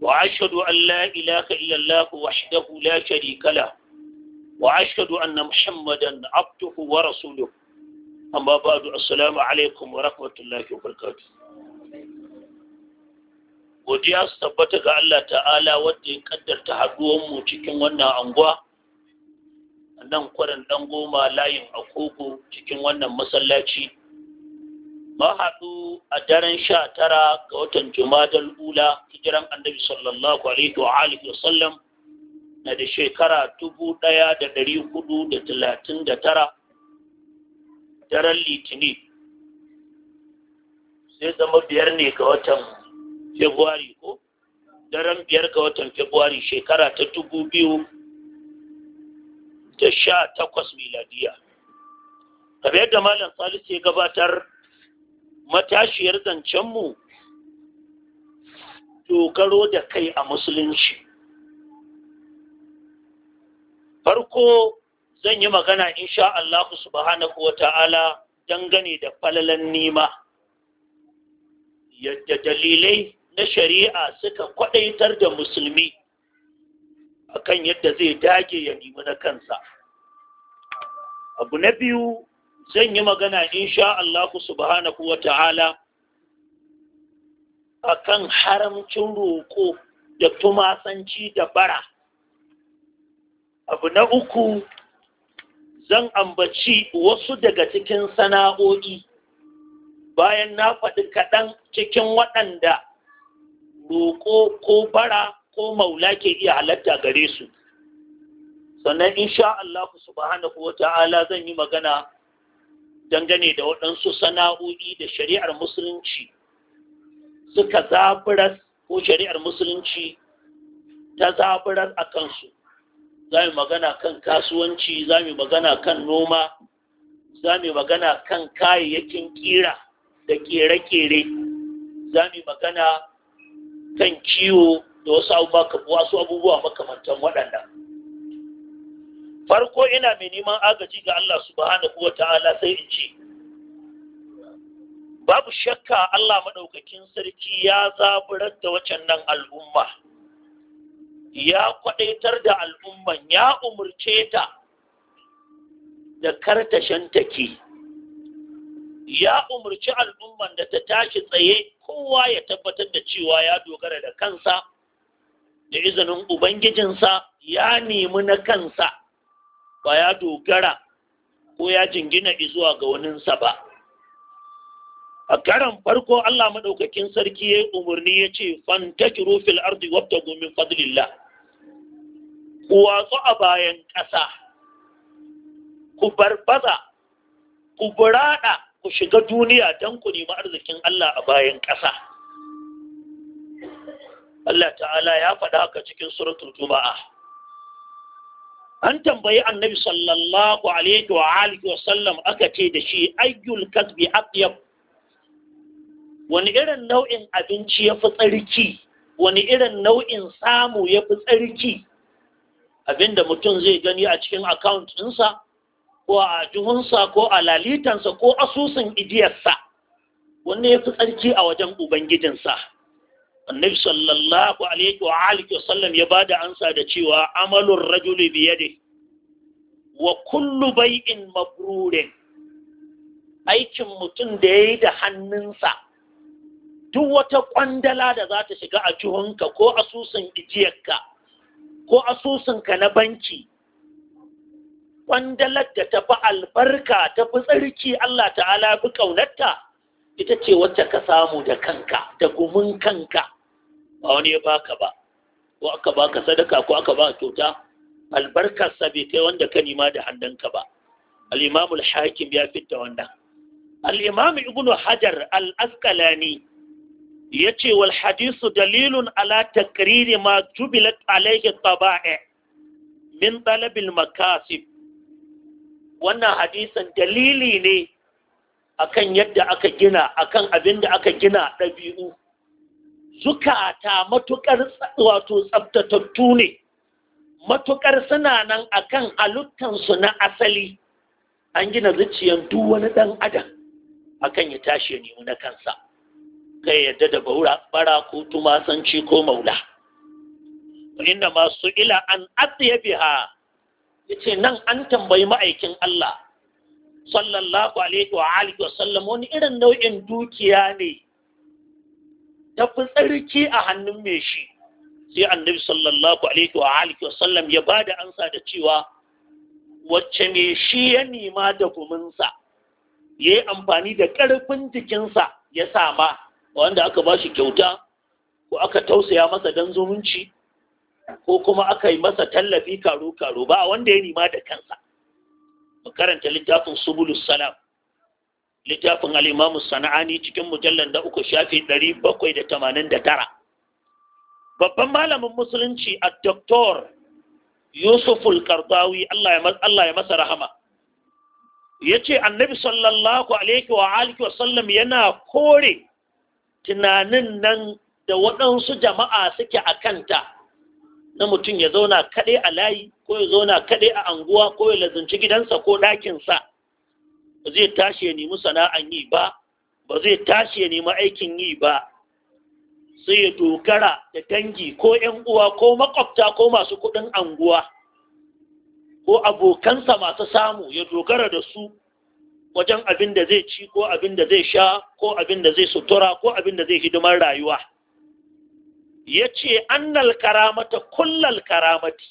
وأشهد أن لا إله إلا الله وحده لا شريك له وأشهد أن محمدا عبده ورسوله أما بعد السلام عليكم ورحمة الله وبركاته godiya su tabbata ga Allah ta'ala wadda ya kaddarta mu cikin wannan anguwa nan kwarin dan goma layin agogo cikin wannan masallaci mahaɗu a daren sha tara ga watan Jumadal Ula, hijiran annabi sallallahu alaihi wa alihi wa sallam na da shekara dubu ɗaya da ɗari hudu da talatin da tara daren litini sai zama biyar ne ga watan Februari ko? Daren biyar ga watan Februari shekara ta dubu biyu da sha takwas miladiya. Kamar yadda Malam Salisu ya gabatar matashiyar zancenmu dogaro da kai a musulunci farko zan yi magana in sha Allah subhanahu wa ta'ala dangane da falalan nima yadda dalilai na shari'a suka kwadaitar da musulmi akan yadda zai dage ya nemi na kansa abu na biyu zan yi magana insha Allah ku subhanahu wa ta'ala a kan haramcin roƙo da tumasanci da bara. Abu na uku zan ambaci wasu daga cikin sana'o'i bayan na faɗi kaɗan cikin waɗanda roƙo ko bara ko maula ke iya halatta gare su. Sannan insha Allah ku subhanahu wa ta'ala zan yi magana dangane da waɗansu sana'o'i da shari'ar musulunci suka zaburar ko shari'ar musulunci ta zaburar a kansu za mu magana kan kasuwanci za mu magana kan noma za mu magana kan kayayyakin kira da kere-kere za mu magana kan ciwo da wasu abubuwa makamantan waɗannan farko ina mai neman agaji ga Allah subhanahu wa ta'ala sai in ce babu shakka Allah maɗaukakin sarki ya zaburar da wacan nan al'umma ya kwaɗaitar da al'umman ya umarce ta da kartashen take ya umarci al'umman da ta tashi tsaye kowa ya tabbatar da cewa ya dogara da kansa da izinin ubangijinsa ya nemi na kansa ba ya dogara ko ya jingina zuwa ga sa ba a karan farko Allah maɗaukakin sarki ya umarni ya ce fantakiru fil ardi wabta min fadlillah ku watsu a bayan ƙasa ku barbaza ku burada ku shiga duniya don ku nemi arzikin Allah a bayan ƙasa Allah ta'ala ya faɗa haka cikin suratul juma'a an tambayi annabi sallallahu alaihi wa alihi wa sallam aka ce da shi ayyul kasbi atyab wani irin nau'in abinci ya fi tsarki wani irin nau'in samu ya fi tsarki abinda mutum zai gani a cikin account ɗinsa ko a juhunsa ko a lalitansa ko asusun idiyarsa wanne ya fi tsarki a wajen ubangijinsa annabi sallallahu alaihi wa alihi wasallam ya bada ansa da cewa amalur rajuli yadi wa kullu bai'in mabrurin aikin mutum da yayi da hannunsa duk wata kwandala da za ta shiga a juhunka ko asusun ijiyarka ko asusun ka na banki kwandalar da ta fi albarka ta fi tsarki Allah ta'ala bi ƙaunarta ita ce wacce ka samu da kanka da gumin kanka ba wani ya baka ba ko aka baka sadaka ko aka baka kyauta albarkar bai kai wanda ka nima da hannunka ba al-imamu al-hakim ya fitta wannan al-imamu ibnu hajar al-asqalani yace wal hadisu dalilun ala takriri ma jubilat alayhi taba'i min talabil makasib wannan hadisan dalili ne akan yadda aka gina akan abin da aka gina ɗabi'u zukata matukar wato tsaftatattu ne Matukar suna nan akan halittansu na asali an gina zuciyar duk wani ɗan adam akan ya tashi ya nemi na kansa kai yadda da baura bara ko tumasanci ko maula inda masu ila an atiya biha ya nan an tambayi ma'aikin Allah sallallahu alaihi wa alihi wa sallam wani irin nau'in dukiya ne tafi tsarki a hannun mai shi sai annabi sallallahu alaihi wa alihi wa sallam ya bada ansa da cewa wacce mai shi ya nima da guminsa ya yi amfani da ƙarfin jikinsa ya sa sama wanda aka ba shi kyauta ko aka tausaya masa don zumunci ko kuma aka yi masa tallafi karo-karo ba wanda ya nima da kansa mu karanta littafin subulus salam littafin al'imamu sana'ani cikin mujallar da uku shafi ɗari bakwai da tamanin da tara babban malamin musulunci a doktor yusuful kardawi allah ya masa rahama ya ce annabi sallallahu alaihi wa alihi wasallam yana kore tunanin nan da waɗansu jama'a suke a kanta na mutum ya zauna kaɗai a layi ko ya zauna kaɗai a anguwa ko ya lazinci gidansa ko ɗakinsa zai tashi ya nemi sana'an yi ba ba zai tashi ya nemi aikin yi ba sai ya dogara da dangi ko ‘yan uwa ko makwabta ko masu kuɗin anguwa ko abokansa masu samu ya dogara da su wajen abin da zai ci ko abin da zai sha ko abin da zai sutura ko abin da zai hidimar rayuwa ya ce annal karamata kullal karamati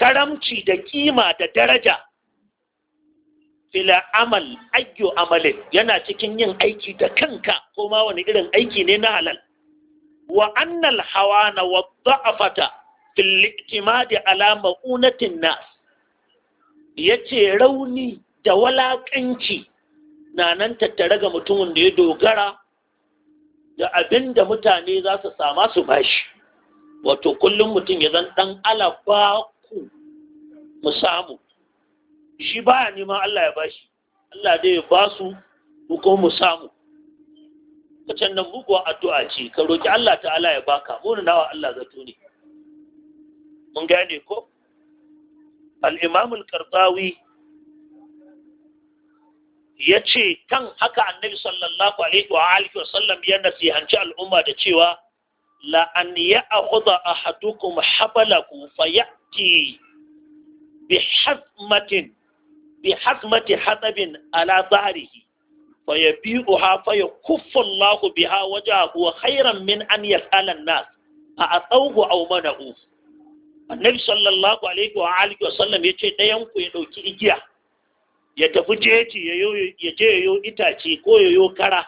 karamci da kima da daraja fila amal ayyu amalin yana cikin yin aiki da kanka ko ma wani irin aiki ne na halal wa annal hawana wa da'afata fil iktimadi ala ma'unatin nas yace rauni da walakanci na nan tattare ga mutumin da ya dogara da abinda mutane za su sama su bashi wato kullum mutum ya zan dan ku mu samu shi baya neman Allah ya bashi Allah dai ya basu mu ko mu samu kacan nan buguwa addu'a ce ka roki Allah ta'ala ya baka mun nawa Allah zato ne mun gane ko al-imam al ce yace kan haka annabi sallallahu alaihi wa alihi wa sallam ya nasihanci al'umma da cewa la an akhudha ahadukum habalaku fayati bi hazmatin bi hazmati hatsabin ala zahrihi fa yabi'uha fa yakuffu Allahu biha wajahu khairan min an yas'ala an-nas a atawhu aw mana'u annabi sallallahu alaihi wa wa sallam yace dayan ku ya ɗauki igiya ya tafi jeji ya je yayo itace ko yayo kara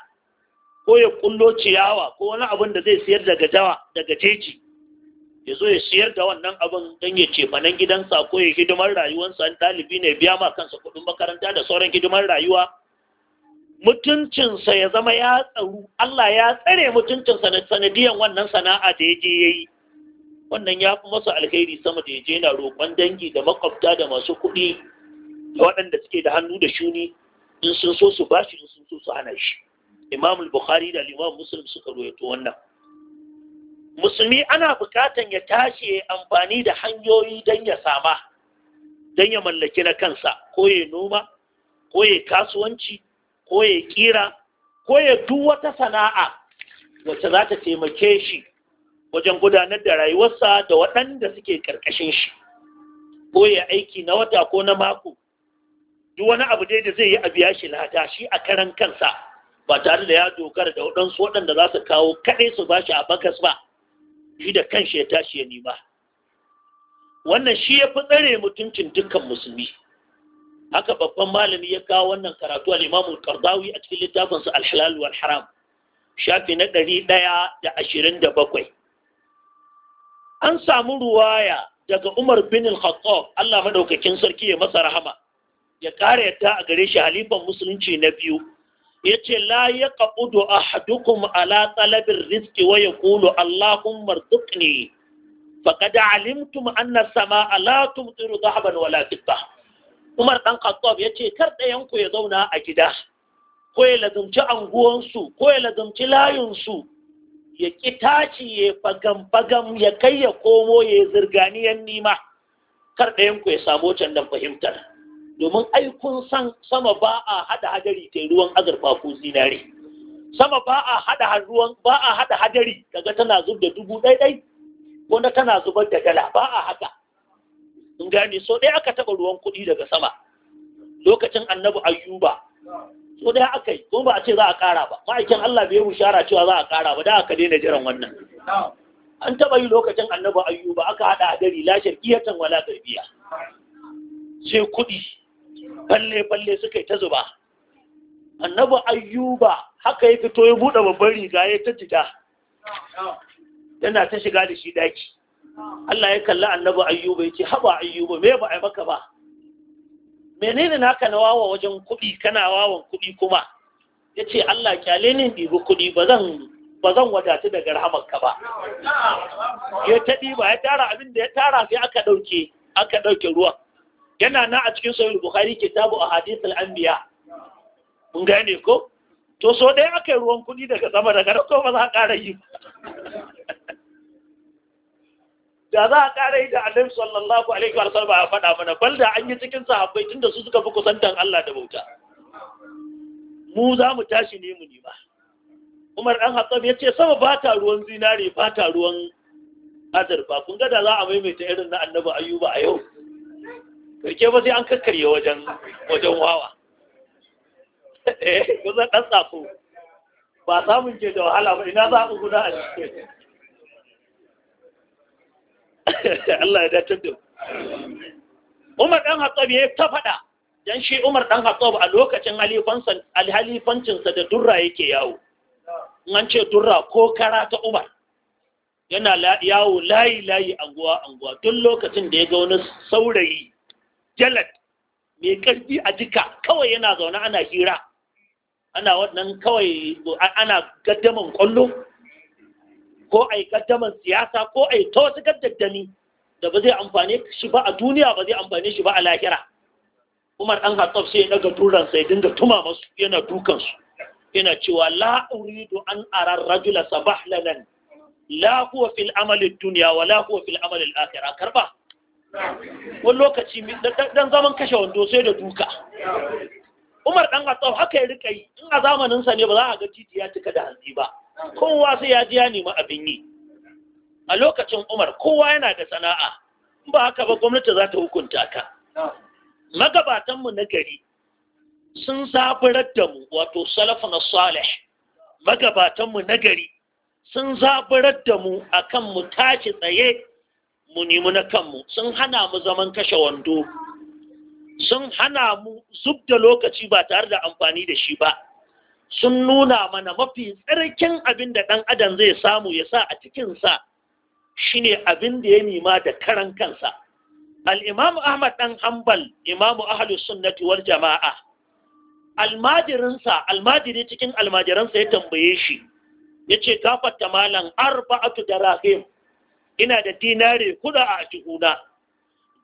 ko ya kullo ciyawa ko wani abun da zai sayar daga jawa daga jeji ya zo ya siyar da wannan abin don ya ce banan gidansa ko ya hidimar rayuwarsa ɗalibi ne biya ma kansa kuɗin makaranta da sauran hidimar rayuwa mutuncinsa ya zama ya tsaru Allah ya tsare mutuncinsa na sanadiyan wannan sana'a da ya je ya yi wannan ya fi masa alheri sama da ya je na roƙon dangi da makwabta da masu kuɗi da waɗanda suke da hannu da shuni in sun so su bashi in sun so su hana shi imamul bukhari da imam muslim suka rawaito wannan musulmi ana bukatan ya tashi amfani da hanyoyi don ya sama don ya mallaki na kansa ko ya noma ko ya kasuwanci ko ya kira ko ya duk wata sana'a wacce za ta taimake shi wajen gudanar da rayuwarsa da waɗanda suke ƙarƙashin shi ko ya aiki na wata ko na mako duk wani abu dai da zai yi a biya shi lada shi a karan kansa ba tare da ya dogara da waɗansu waɗanda za su kawo kaɗai su ba shi a bakas ba shi da kanshi ya tashi ya nema wannan shi ya fi tsare mutuncin dukkan musulmi haka babban malami ya kawo wannan karatu al-imamu kardawi a cikin littafinsa alhalalu halal wal shafi na ɗari ɗaya da ashirin da bakwai an samu ruwaya daga umar bin al-khattab Allah madaukakin sarki ya masa rahama ya kare ta a gare shi halifan musulunci na biyu ya ce la ya ƙaɓudu a hadukum ala talabin riski wa ya kulu Allahun ka da alimtum anna sama ala tumtiru zahaban wala fidda Umar ɗan Khattab ya ce kar ɗayanku ya zauna a gida ko ya lazumci anguwansu ko ya lazumci layunsu, ya ƙi taci ya fagam fagam ya kai ya komo ya yi zirganiyar nima kar ɗayanku ya samo can fahimtar domin aikun san sama ba a hada hadari ta ruwan azurfa ko zinare sama ba a hada ruwan ba a hada hadari kaga tana zub da dubu ɗai ɗai na tana zubar da dala ba a haka in gani so ɗaya aka taɓa ruwan kuɗi daga sama lokacin annabi ayyuba so ɗaya aka yi ko ba a ce za a ƙara ba ma'aikin Allah bai bushara cewa za a ƙara ba da aka daina jiran wannan an taɓa yi lokacin annabi ayyuba aka haɗa hadari la shirkiyatan wala garbiya sai kuɗi falle-falle suka yi ta zuba annabi ayyuba haka ya fito ya buɗe babban riga ya ta jida yana ta shiga da shi daki Allah ya kalla annabi ayyuba ya ce haba ayyuba me ba a maka ba menene naka na wawa wajen kuɗi kana wawan kuɗi kuma ya ce Allah kyale ni ɗibi kuɗi ba zan ba zan wadatu daga rahamarka ba ya ta ɗiba ya tara abin da ya tara sai aka ɗauke aka ɗauke ruwan yana na a cikin sahih bukhari kitabu ahadith al-anbiya mun gane ko to so dai aka yi ruwan kudi daga sama daga ko ba za a kara yi da za a kara yi da annabi sallallahu alaihi wa sallam ba faɗa mana bal da an yi cikin sahabbai tunda su suka fi kusantan Allah da bauta mu za mu tashi ne mu nima Umar dan Hattab ya ce sama ba ta ruwan zinare ba ta ruwan azurfa kun ga da za a maimaita irin na annabi Ayyuba a yau to ke ba sai an kakkarye wajen wajen wawa eh kusan ɗan tsako ba samun ke da wahala ba ina za ku guda a cikin Allah ya dace da Umar ɗan Hattab ya ta faɗa dan shi Umar ɗan Hattab a lokacin halifancinsa da durra yake yawo an ce durra ko kara ta Umar yana yawo layi layi anguwa anguwa duk lokacin da ya ga wani saurayi jalad mai ƙarfi a jika kawai yana zaune ana hira ana wannan kawai ana gaddaman kwallo ko a yi gaddaman siyasa ko a yi ta wasu gaddadani da ba zai amfani shi ba a duniya ba zai amfani shi ba a lahira umar an hatsaf sai ya daga turan sai dinga tuma masu yana dukansu yana cewa la uridu an arar rajula sabahlanan la huwa fil amalin duniya, wa la huwa fil akhirah karba wani lokaci dan zaman kashe wando sai da duka umar dan gatsau haka ya rika yi in a zamaninsa ne ba za a ga titi ya cika da hanzi ba kowa sai ya ji ya nemi abin yi a lokacin umar kowa yana da sana'a ba haka ba gwamnati za ta hukunta ka magabatanmu na gari sun zaburar da mu wato salafin salih magabatanmu na gari sun zaburar da mu akan mu tashi tsaye mu nemi na kanmu sun hana mu zaman kashe wando sun hana mu zub da lokaci ba tare da amfani da shi ba sun nuna mana mafi tsarkin abin da ɗan adam zai samu ya sa a cikinsa shine abin da ya nima da karan kansa al'imamu ahmad ɗan hambal imamu ahalus sunnati wal jama'a almajirinsa almajiri cikin almajiransa ya tambaye shi ya ce gafarta malam arba'atu da rahim ina da dinare kuda a jihuna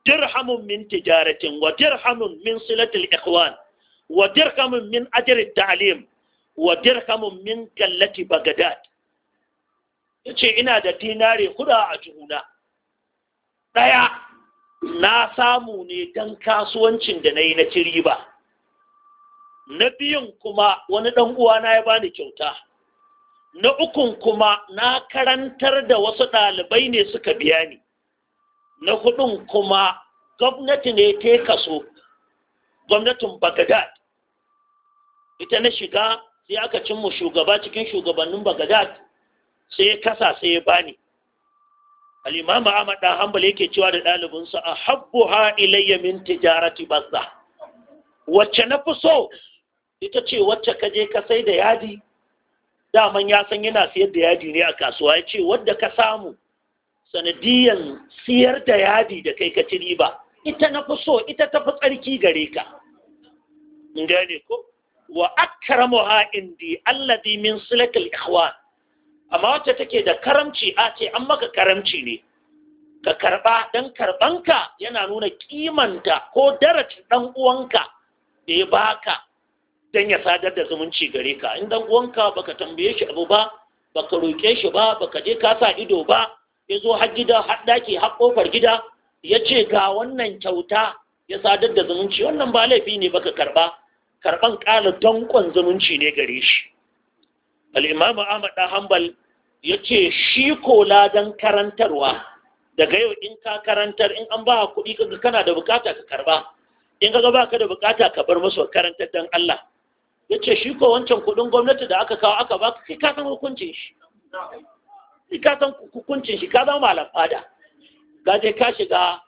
dirhamun min tijaratin wa dirhamun min silatul ikhwan wa dirhamun min ajri ta'lim wa dirhamun min kallati bagdad yace ina da dinare kuda a jihuna daya na samu ne dan kasuwancin da nayi na ciriba na biyun kuma wani dan uwa na ya bani kyauta na ukun kuma na karantar da wasu ɗalibai ne suka biya ni na hudun kuma gwamnati ne ta kaso gwamnatin bagadad ita na shiga sai aka mu shugaba cikin shugabannin bagadad sai ya kasa sai ya bani al'imama ahmad da hambal yake cewa da ɗalibinsa a habbu ha ilayya min tijarati bazza wacce na fi so ita ce wacce ka je ka sai da yadi daman ya san yana siyar da yadi ne a kasuwa ya ce wadda ka samu sanadiyan siyar da yadi da kai ka ciri ba. ita na fi so ita ta fi tsarki gare ka gane ko wa ha indi alladhi min silatil ikhwan amma wacce take da karamci a ce an maka karamci ne ka karba dan karbanka yana nuna kimanta ko daraci dan uwanka da ya baka don ya sadar da zumunci gare ka in dan uwanka baka tambaye shi abu ba baka roƙe shi ba baka je ka sa ido ba ya zo har gida har daki har kofar gida ya ce ga wannan kyauta ya sadar da zumunci wannan ba laifi ne baka karba karban ƙara danƙon zumunci ne gare shi al'imam ahmad dan hanbal ya ce shi ko ladan karantarwa daga yau in ka karantar in an ba kuɗi kana da bukata ka karba in ka ba ka da bukata ka bar musu karantar dan Allah ya ce shi ko wancan kudin gwamnati da aka kawo aka baka kai kasan hukuncin shi shi kasan hukuncin shi ka zama malam fada ga je ka shiga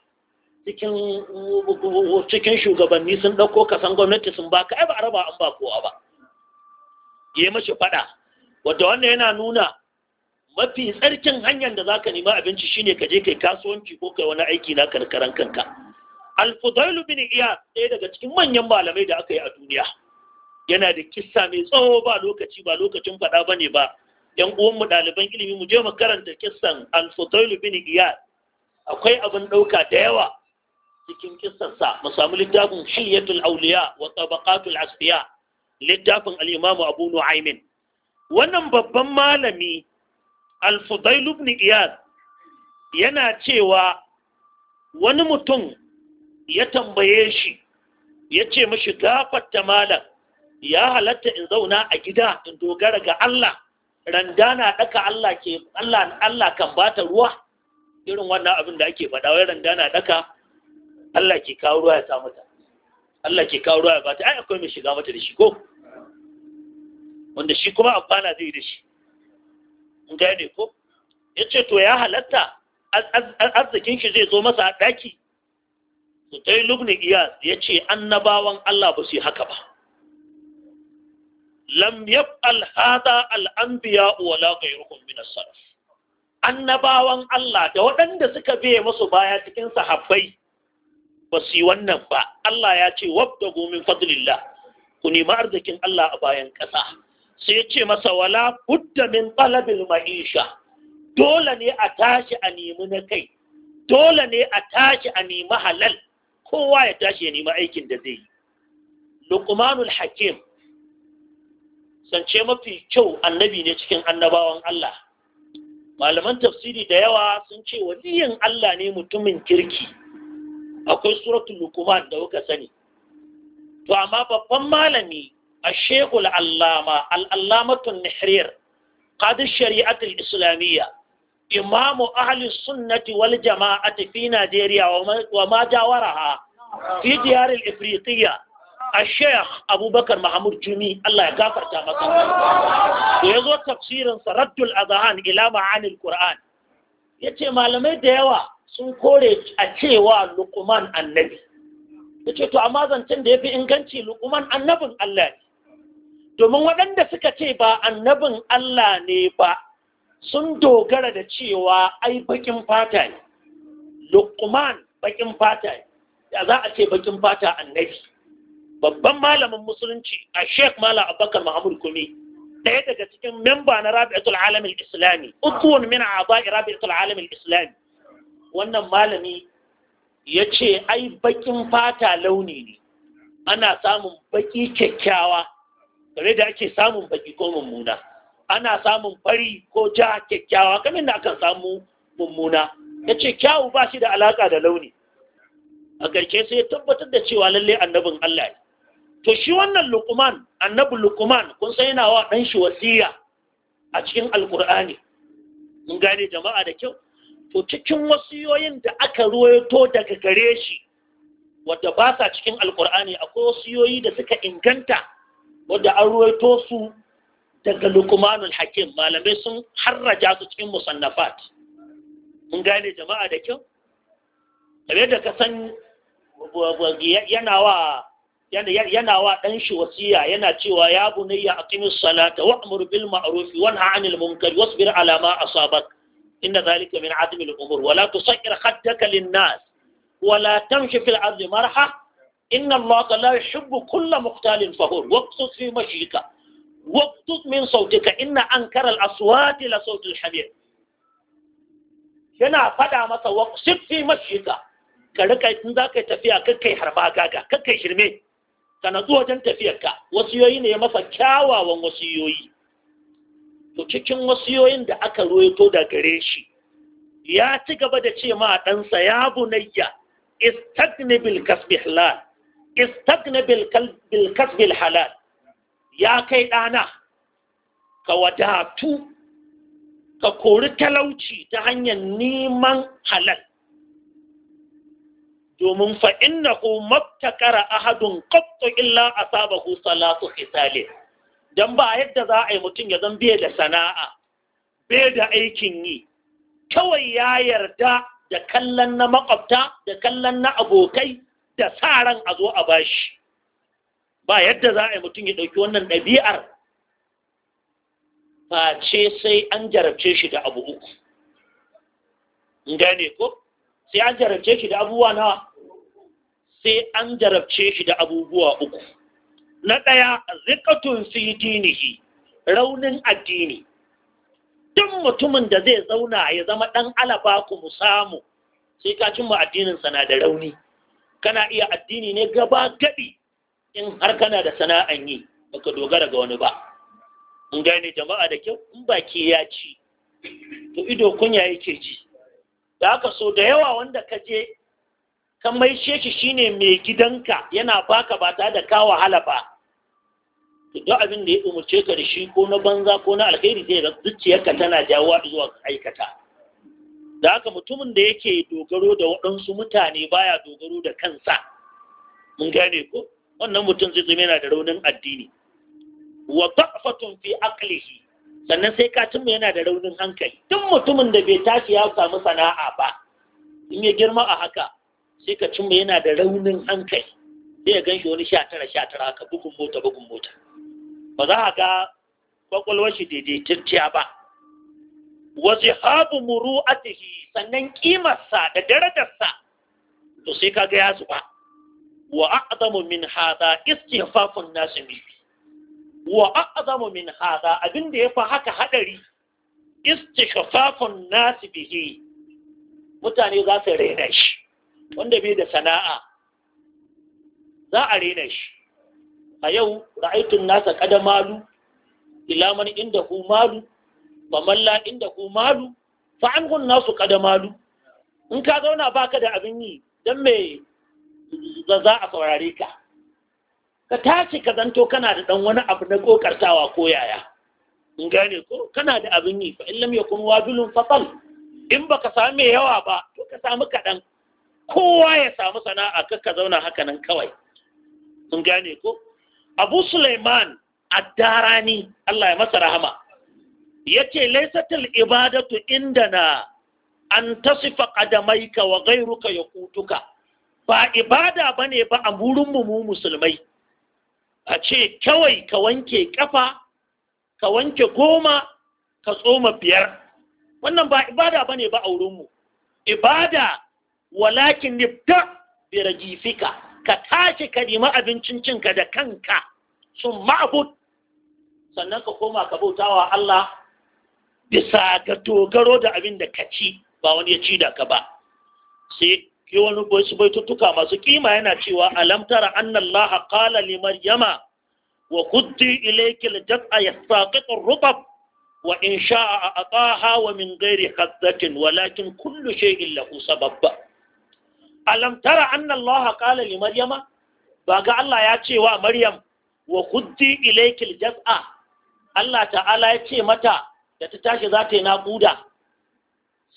cikin shugabanni sun dauko kasan gwamnati sun baka ai ba araba an ba kowa ba yi mashi fada wanda wannan yana nuna mafi tsarkin hanyar da zaka nima abinci shine ka je kai kasuwanci ko kai wani aiki na karkaran kanka al-fudail bin iyad ɗaya daga cikin manyan malamai da aka yi a duniya yana da kissa mai tsawo ba lokaci ba lokacin faɗa ba ne ba yan uwanmu ɗaliban ilimi mu je mu karanta kissan al-futailu bin iyad akwai abin ɗauka da yawa cikin kissarsa mu samu littafin hilyatul auliya wa tabaqatul asfiya littafin al-imam abu nu'aymin wannan babban malami al-fudail bin iyad yana cewa wani mutum ya tambaye shi ya ce mashi gafarta malam ya halatta in zauna a gida in dogara ga Allah randa na daka Allah ke Allah Allah kan bata ruwa irin wannan abin da ake faɗa wai randa na daka Allah ke kawo ruwa ya samu ta Allah ke kawo ruwa ya bata ai akwai mai shiga mata da shi ko wanda shi kuma amfana zai da shi in ga ne ko yace to ya halatta arzikin shi zai zo masa daki to tai lubni iyas yace annabawan Allah ba su yi haka ba lam yaf'al hada al wala ghayruhum min as-salaf annabawan Allah da waɗanda suka biye musu baya cikin sahabbai ba su wannan ba Allah ya ce wabdagu min fadlillah ku nemi arzikin Allah a bayan ƙasa sai ya ce masa wala budda min talabil ma'isha dole ne a tashi a nemi na kai dole ne a tashi a nemi halal kowa ya tashi ya nemi aikin da zai yi luqmanul hakim zance mafi kyau annabi ne cikin annabawan Allah malaman tafsiri da yawa sun ce waliyin Allah ne mutumin kirki akwai suratul lukuman da kuka sani to amma babban malami a shekul allama al'allamatun nihrir qadir shari'atul islamiyya imamu ahli sunnati wal jama'ati fi najeriya wa ma jawaraha fi diyarar ifriqiyya a sheikh abubakar mahamud jumi Allah ya gafarta maka to ya zo tafsirin raddul azahan ila ma'anil ƙur'ani, ya ce malamai da yawa sun kore a cewa luƙuman annabi ya ce to amma zancen da ya fi inganci luƙuman annabin Allah ne domin waɗanda suka ce ba annabin Allah ne ba sun dogara da cewa ai bakin fata ne luƙuman bakin fata ne da za a ce bakin fata annabi babban malamin musulunci a sheikh malam abubakar mahamud kumi ɗaya daga cikin memba na rabi'atul alamil islami ukun min aba'i rabi'atul alamil islami wannan malami ya ce ai bakin fata launi ne ana samun baki kyakkyawa kare da ake samun baki ko mummuna ana samun fari ko ja kyakkyawa kamar da akan samu mummuna ya ce kyawu ba shi da alaka da launi a ƙarshe sai ya tabbatar da cewa lallai annabin Allah ne to shi wannan luqman annabu luqman kun san yana wa dan shi wasiya a cikin alqur'ani mun gane jama'a da kyau to cikin wasiyoyin da aka ruwaito daga gare shi wadda ba sa cikin alqur'ani akwai wasiyoyi da suka inganta wadda an ruwaito su daga luqmanul hakim malamai sun harraja su cikin musannafat mun gane jama'a da kyau kamar da ka san yana wa yana wa ɗan shi wasiya yana cewa ya bunayya aqimis salata wa'mur bil ma'ruf wanha 'anil munkar wasbir 'ala ma asabak inna dhalika min 'azmi al umur wa la tusakir khaddaka lin nas wa la tamshi fil ardi marha inna allaha la yuhibbu kulla muqtalin fakhur waqtus fi mashika waqtus min sautika inna ankara al aswati la sautul hamir yana fada masa waqtus fi mashika ka rika in za ka yi tafiya kakkai harba gaga kakkai shirme ka natsu wajen tafiyarka wasiyoyi ne masa kyawawan wasiyoyi to cikin wasiyoyin da aka roito da gare shi ya ci gaba da ce ma ɗansa ya bunayya istagni bil kasbi halal istagni halal ya kai ɗana ka wadatu ka kori talauci ta hanyar neman halal domin fa innahu mabtakara ahadun qattu illa a saba ku salatu hisale Don ba yadda za a yi mutum ya zan biya da sana'a biya da aikin yi kawai ya yarda da kallon na makwabta da kallon na abokai da sa ran a zo a bashi ba yadda za a yi mutum ya ɗauki wannan ɗabi'ar face sai an jarabce shi da abu uku gane ko sai an jarabce shi da abubuwa nawa sai an jarabce shi da abubuwa uku na ɗaya zikatun fi dinihi raunin addini duk mutumin da zai zauna ya zama ɗan alaba ku mu samu sai ka cimma addininsa na da rauni kana iya addini ne gaba gaɗi in har kana da sana'an yi baka dogara ga wani ba in gane jama'a da kyau in baki ya ci to ido kunya yake ji da aka so da yawa wanda ka je ka maishe shi shine mai gidanka yana baka ba tare da ka wahala ba duk abin da ya umarce ka da shi ko na banza ko na alkhairi sai ga zuciyarka tana jawowa zuwa aikata da haka mutumin da yake dogaro da waɗansu mutane baya dogaro da kansa mun gane ko wannan mutum zai zama yana da raunin addini wa da'fatun fi aqlihi sannan sai ka cimma yana da raunin hankali duk mutumin da bai tashi ya samu sana'a ba in ya girma a haka sai ka cimma yana da raunin hankali sai ya gan shi wani sha tara ka tara haka bugun mota bugun mota ba za a ga kwakwalwar shi daidaitacciya ba wasu habu muru a sannan ƙimarsa da darajarsa to sai ka ga ya zuba wa a'zamu min hada istihfafun nasu bihi wa a'zamu min hada abin da yafi haka hadari istikhafafun nas bihi mutane za su rena shi wanda bai da sana'a za a rena shi a yau ra'aitun nasa kada malu ila man inda hu malu wa man inda hu malu fa an nasu kada in ka zauna baka da abin yi dan me za a saurare ka ka tashi ka zanto kana da dan wani abu na kokartawa ko yaya in gane ko kana da abin yi fa illam yakun wajulun fatal in baka same yawa ba to ka samu kaɗan kowa ya samu sana'a kaka ka zauna haka nan kawai in gane ko abu suleiman addarani Allah ya masa rahama yace laysatul ibadatu indana an tasifa qadamaika wa ghayruka yaqutuka ba ibada bane ba a burin mu musulmai a ce kawai ka wanke kafa ka wanke goma ka tsoma biyar wannan ba ibada ba ne ba a wurinmu ibada walakin nifta bira jifika, ka tashi ka nemi abincin cinka da kanka sun ma'abud sannan ka koma ka bauta wa Allah bisa ga dogaro da abin da ka ci ba wani ya ci da ka ba sai sai wani bai baitutuka masu kima yana cewa alam tara anna Allah qala li maryama wa khuddi ilayki al-jaz'a yasaqitu ar-rutb wa in sha'a ataha wa min ghairi khazzatin walakin kullu shay'in lahu sabab alam tara anna Allah qala li maryama ba ga Allah ya ce wa maryam wa khuddi ilayki al-jaz'a Allah ta'ala ya ce mata da ta tashi za ta yi naƙuda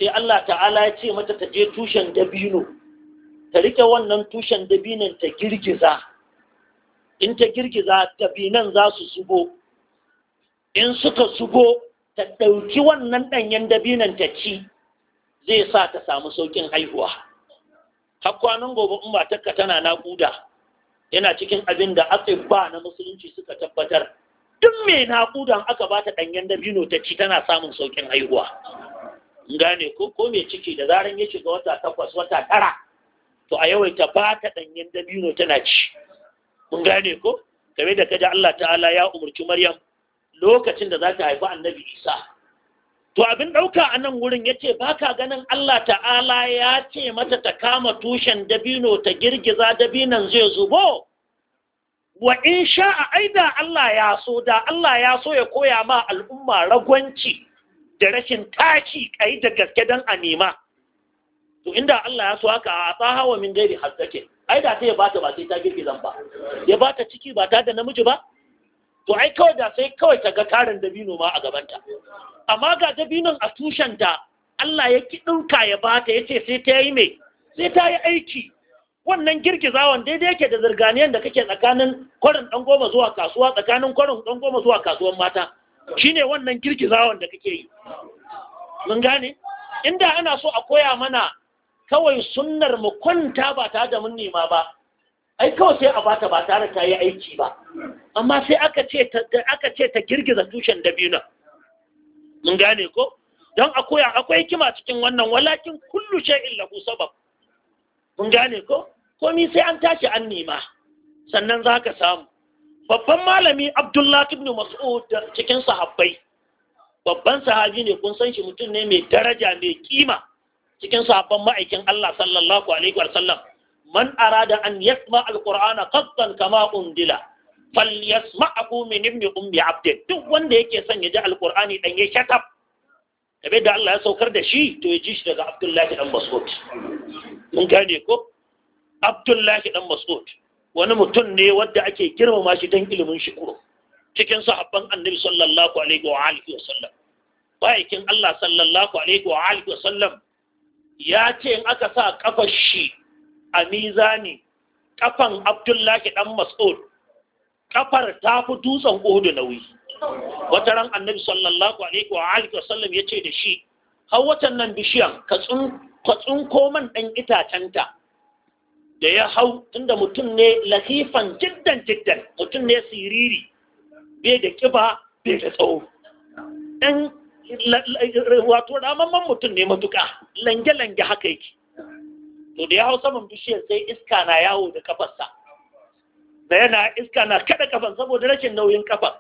sai Allah ta'ala ya ce mata ta je tushen dabino ta rike wannan tushen dabinin ta girgiza in ta girgiza dabinan za su zubo. in suka subo ta ɗauki wannan ɗanyen dabinan ta ci zai sa ta samu saukin haihuwa har kwanan gobe in tana naƙuda yana cikin abin da ba na musulunci suka tabbatar duk mai naƙudan aka ba ta ɗanyen dabino ta ci tana samun saukin haihuwa gane ko ko mai ciki da zaran ya shiga wata takwas wata tara to a yawaita ba ta ɗanyen dabino tana ci mun gane ko game da kaji Allah ta'ala ya umarci Maryam lokacin da za ta haifi annabi Isa to abin ɗauka a nan wurin yace baka ganin Allah ta'ala ya ce mata ta kama tushen dabino ta girgiza dabinan zai zubo wa in sha'a aida Allah ya so da Allah ya so ya koya ma al'umma ragwanci da rashin tashi kai da gaske dan a nema to inda Allah ya so haka a tsaha wa min gairi hasake ai da ta ya bata ba sai ta zan ba ya bata ciki ba ta da namiji ba to ai kawai da sai kawai ta ga tarin dabino ma a gabanta amma ga dabinon a tushenta Allah ya ki ɗinka ya bata ya ce sai ta yi mai sai ta yi aiki wannan girgizawan daidai yake da zirganiyar da kake tsakanin kwarin ɗan goma zuwa kasuwa tsakanin kwarin ɗan goma zuwa kasuwan mata shine wannan girgizawan da kake yi mun gane inda ana so a koya mana kawai sunnar mu kwanta ba ta da mun nema ba ai kawai sai a bata ba tare ta yi aiki ba amma sai aka ce ta aka ce ta girgiza tushen dabino mun gane ko don akwai akwai hikima cikin wannan walakin kullu shay'in lahu sabab mun gane ko komai sai an tashi an nema sannan zaka samu babban malami abdullahi ibn mas'ud cikin sahabbai babban sahabi ne kun san shi mutum ne mai daraja mai kima cikin sahabban ma'aikin Allah sallallahu alaihi wa sallam man arada an yasma alqur'ana qattan kama undila falyasma'ahu min ibn ummi abd duk wanda yake son ya ji alqur'ani dan ya shatab kabe da Allah ya saukar da shi to ya ji shi daga Abdullahi dan Mas'ud mun gane ko Abdullahi dan Mas'ud wani mutum ne wadda ake girmama shi don ilimin shi kuro cikin sahabban annabi sallallahu alaihi wa alihi wa bayakin Allah sallallahu alaihi wa alihi wa ya ce in aka sa kafar shi a mizani kafan abdullahi dan mas'ud kafar ta fi dutsen uhudu nauyi wata ran annabi sallallahu alaihi wa alihi wasallam ya ce da shi har watan nan bishiyan ka tsunko man ɗan itacenta da ya hau tunda mutum ne lahifan jiddan jiddan mutum ne siriri bai da kiba bai da tsawo ɗan Eh, wato ramamman mutum ne matuka. lange-lange haka yake to da ya hau saman bishiyar sai iska na yawo da kafarsa da yana iska na kada kafan saboda rashin nauyin kafa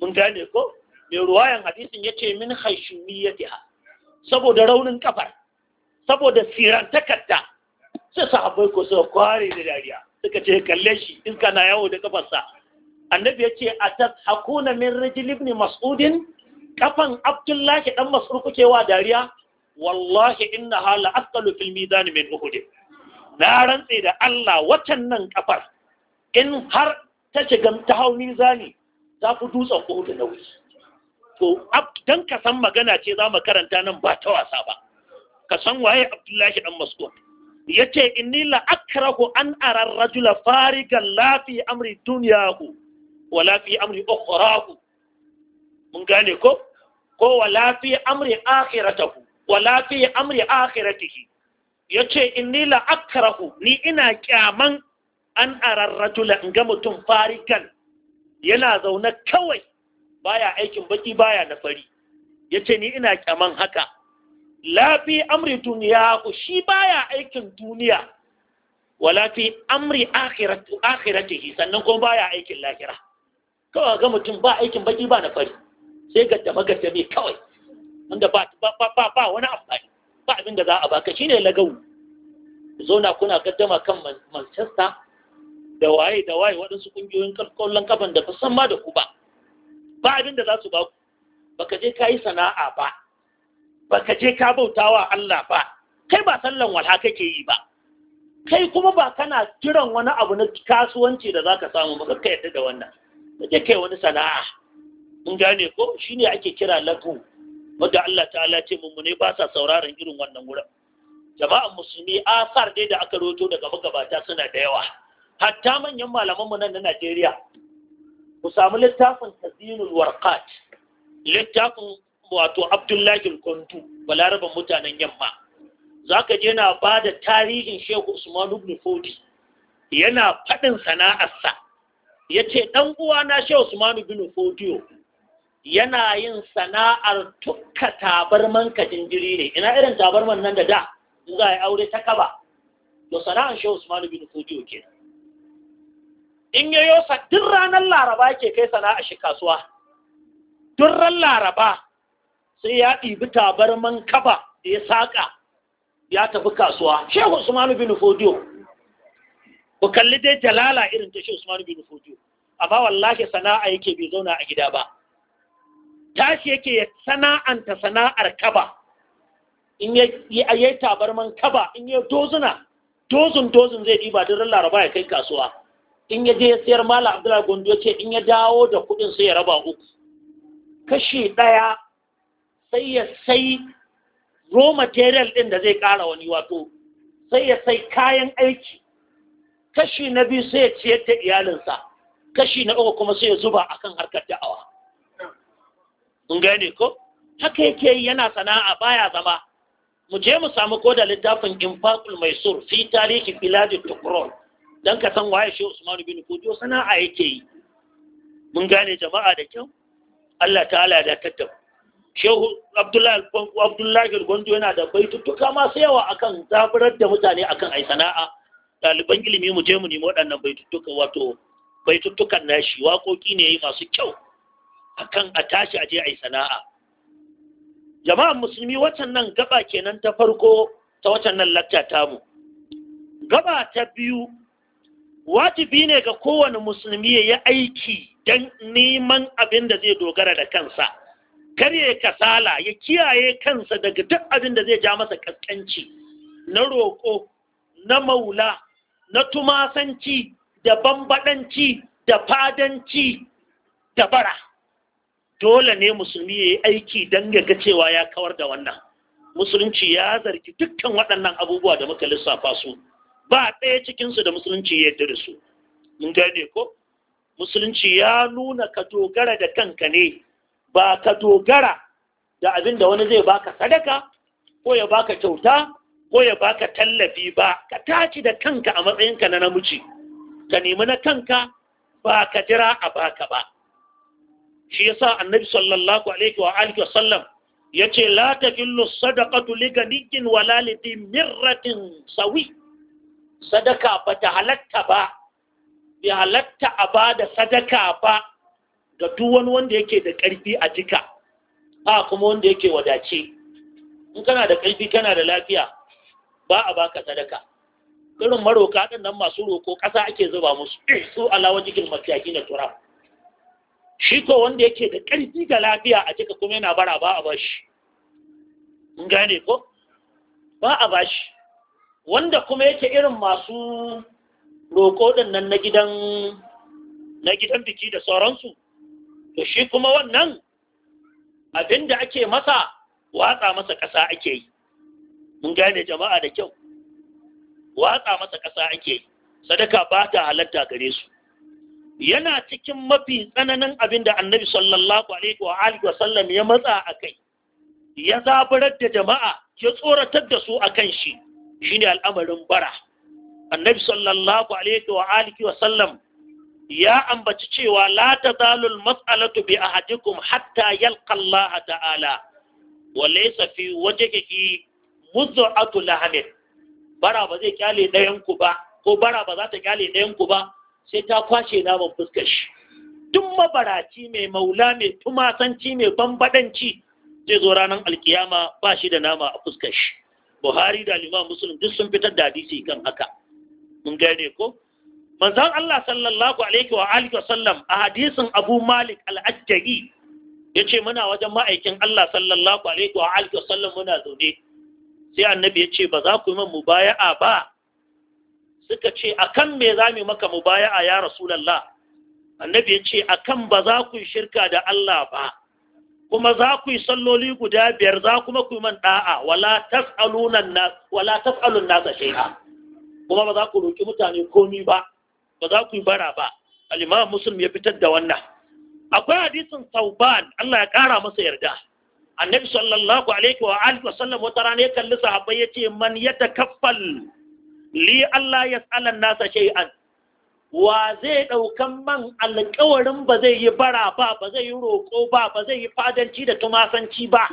mun gane ko mai ruwayan hadisin ya ce min ya haishumiyatiha saboda raunin kafar saboda takarta sai sahabbai ko suka kware da dariya suka ce kalle shi iska na yawo da kafarsa annabi ya ce a ta hakuna min mas'udin kafan abdullahi dan mas'ud wa dariya wallahi inna hala aqalu fil mizan min uhud na rantse da Allah watan nan kafar in har ta shiga ta hau mizani za fi dutsen uhud nauyi to dan ka san magana ce za mu karanta nan ba ta wasa ba ka san waye abdullahi dan mas'ud yace inni la akrahu an ara rajula farigan la amri dunyahu wala fi amri ukhrahu mun gane ko ko wala fi amri akhiratahu wala fi amri akhiratihi yace inni la akrahu ni ina kyaman an ararratula in ga mutum farikan yana zaune kawai baya aikin baki baya na fari yace ni ina kyaman haka la fi amri duniya shi baya aikin duniya wala fi amri akhiratihi sannan ko baya aikin lahira kawai ga mutum ba aikin baki ba na fari sai ga tamagarta mai kawai wanda ba ba wani amfani ba abin da za a baka shine lagau zauna kuna kaddama kan Manchester da waye da waye waɗansu ƙungiyoyin kallon kafan da ba san ma da ku ba ba abin da za su ba ku baka je ka yi sana'a ba baka je ka bautawa Allah ba kai ba sallan walha kake yi ba kai kuma ba kana kiran wani abu na kasuwanci da zaka samu ba ka yadda da wannan da kai wani sana'a mun gane ko shi ne ake kira lagu wanda Allah ta'ala ce mu ba sa sauraron irin wannan wurin jama'an musulmi asar dai da aka roto daga magabata suna da yawa hatta manyan malaman mu nan na Najeriya ku samu littafin tazinul warqat littafin wato Abdullahi al-Kuntu mutanen yamma zaka je na bada tarihin Shehu Usman ibn Fodi yana faɗin sana'arsa ya ce ɗan uwana Shehu Usman ibn Fodi yana yin sana'ar tukka tabarman ka jinjiri ne ina irin tabarman nan da da in za a yi aure ta kaba to sana'ar shehu usmanu bin fujiyo ke in yi wasa, duk ranar laraba ke kai sana'ar shi kasuwa duk ran laraba sai ya ɗibi tabarman kaba da ya saƙa ya tafi kasuwa shehu usmanu bin fujiyo ku kalli dai jalala irin ta shehu usmanu bin fujiyo amma wallahi sana'a yake bai zauna a gida ba tashi yake ya sana'anta sana'ar kaba in ya yi tabarman kaba in ya dozuna dozun dozun zai ɗiba durin laraba ya kai kasuwa in ya je ya sayar mala abdullahi gondo ya ce in ya dawo da kuɗin sai ya raba uku kashi ɗaya sai ya sai raw material ɗin da zai ƙara wani wato sai ya sai kayan aiki kashi na biyu sai ya ciyar da iyalinsa kashi na uku kuma sai ya zuba akan harkar da'awa mun gane ko haka yake yana sana'a baya zama mu je mu samu ko da littafin infaqul maisur fi tarihi biladi tukron dan ka san waye shi Usman bin Kudu sana'a yake yi mun gane jama'a da kyau Allah ta'ala da tattab Shehu Abdullahi Abdullahi Gondo yana da baitutuka masu yawa akan zaburar da mutane akan ai sana'a ɗaliban ilimi mu je mu nemi waɗannan baitutuka wato baitutukan nashi waƙoƙi ne masu kyau akan a tashi a je a yi sana'a jama'an musulmi watan nan gaba kenan ta farko ta watan nan lakta tamu gaba ta biyu wajibi ne ga kowane musulmi ya yi aiki don neman abin da zai dogara da kansa kar ya kasala ya kiyaye kansa daga duk abin da zai ja masa kaskanci na roƙo na maula na tumasanci da bambaɗanci da fadanci da bara dole ne musulmi ya yi aiki don ga cewa ya kawar da wannan musulunci ya zargi dukkan waɗannan abubuwa da muka lissafa su ba ɗaya cikinsu da musulunci ya yi da su mun gane ko musulunci ya nuna ka dogara da kanka ne ba ka dogara da abin da wani zai baka sadaka ko ya baka kyauta ko ya baka tallafi ba ka taci da kanka a matsayinka na namiji ka nemi na kanka ba ka jira a baka ba shi yasa annabi sallallahu alaihi wa alihi wa sallam yace la takillu sadaqatu li wa la li mirratin sawi sadaka ba ta halatta ba bi halatta a ba da sadaka ba ga duk wani wanda yake da ƙarfi a jika ba kuma wanda yake wadace in kana da ƙarfi kana da lafiya ba a baka sadaka irin maroka ɗin nan masu roko ƙasa ake zuba musu su alawa jikin mafiyaƙi na turab shi ko wanda yake da ƙarfi ga lafiya a cika kuma yana bara ba a bashi gane ko ba a bashi wanda kuma yake irin masu roƙo ɗin nan na gidan na gidan biki da sauransu to shi kuma wannan abinda ake masa watsa masa ƙasa ake yi mun gane jama'a da kyau watsa masa ƙasa ake yi sadaka ba ta halatta gare su yana cikin mafi tsananin abin da annabi sallallahu alaihi wa wasallam ya matsa a kai ya zaburar da jama'a ya tsoratar da su a kan shi shine al'amarin bara annabi sallallahu alaihi wa wasallam ya ambaci cewa la tazalu al-mas'alatu a ahadikum hatta yalqa ta'ala. ta'ala wa waje fi wajhihi mudh'atu lahamin bara ba zai ku ba ko bara ba za ta ku ba sai ta kwashe naman fuskar shi duk mabaraci mai maula mai tumasanci mai bambadanci zai zo ranar alkiyama ba shi da nama a fuskar shi buhari da liman musulun duk sun fitar da hadisi kan haka mun gane ko manzan Allah sallallahu alaihi wa alihi wasallam a hadisin Abu Malik Al'ajjari. Ya ce muna wajen ma'aikin Allah sallallahu alaihi wa alihi wasallam muna zaune sai annabi ya ce ba za ku yi baya a ba suka ce akan me za mu maka mubaya'a ya rasulullah annabi ya ce akan ba za ku shirka da Allah ba kuma za ku yi salloli guda biyar za kuma ku man da'a wala tas'alun nas wala tas'alun nas shay'a kuma ba za ku roki mutane komi ba ba za ku yi bara ba al-imam muslim ya fitar da wannan akwai hadisin tauban Allah ya kara masa yarda annabi sallallahu alaihi wa alihi wa sallam wata rana ya kalli sahabbai yace man yatakaffal li Allah ya tsalan nasa shay'an wa zai ɗaukan man alƙawarin ba zai yi bara ba ba zai yi roƙo ba ba zai yi fadanci da tumasanci ba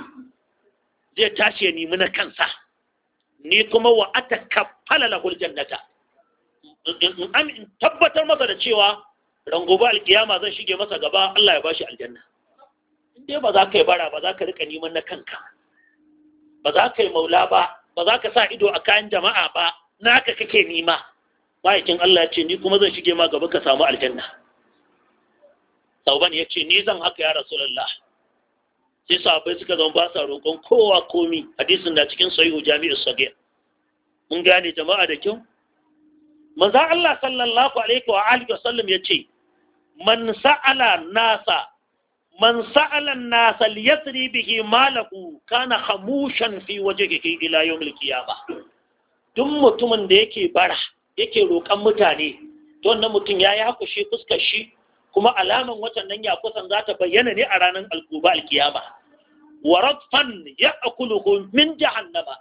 zai tashi ya nemi na kansa ni kuma wa ata kafala lahul jannata in tabbatar masa da cewa rangoba alkiyama zan shige masa gaba Allah ya bashi aljanna in dai ba za ka yi bara ba za ka rika neman na kanka ba za ka yi maula ba ba za ka sa ido a kayan jama'a ba naka kake nima ma'aikin Allah ya ce ni kuma zan shige ma gaba ka samu aljanna sauban ya ce ni zan haka ya rasulullah sai sahabbai suka zama ba sa roƙon kowa komi hadisin na cikin sahihu jami'u sagir mun gane jama'a da kyau manzo Allah sallallahu alaihi wa alihi wasallam ya ce man sa'ala nasa man sa'ala nasa liyasri bihi malahu kana khamushan fi wajhihi ila yawmil qiyamah duk mutumin da yake bara yake roƙan mutane to wannan mutum ya yi hakushi fuskar shi kuma alaman watan nan ya kusan za ta bayyana ne a ranar alkuba alkiyama wa ratfan ya'kuluhu min jahannama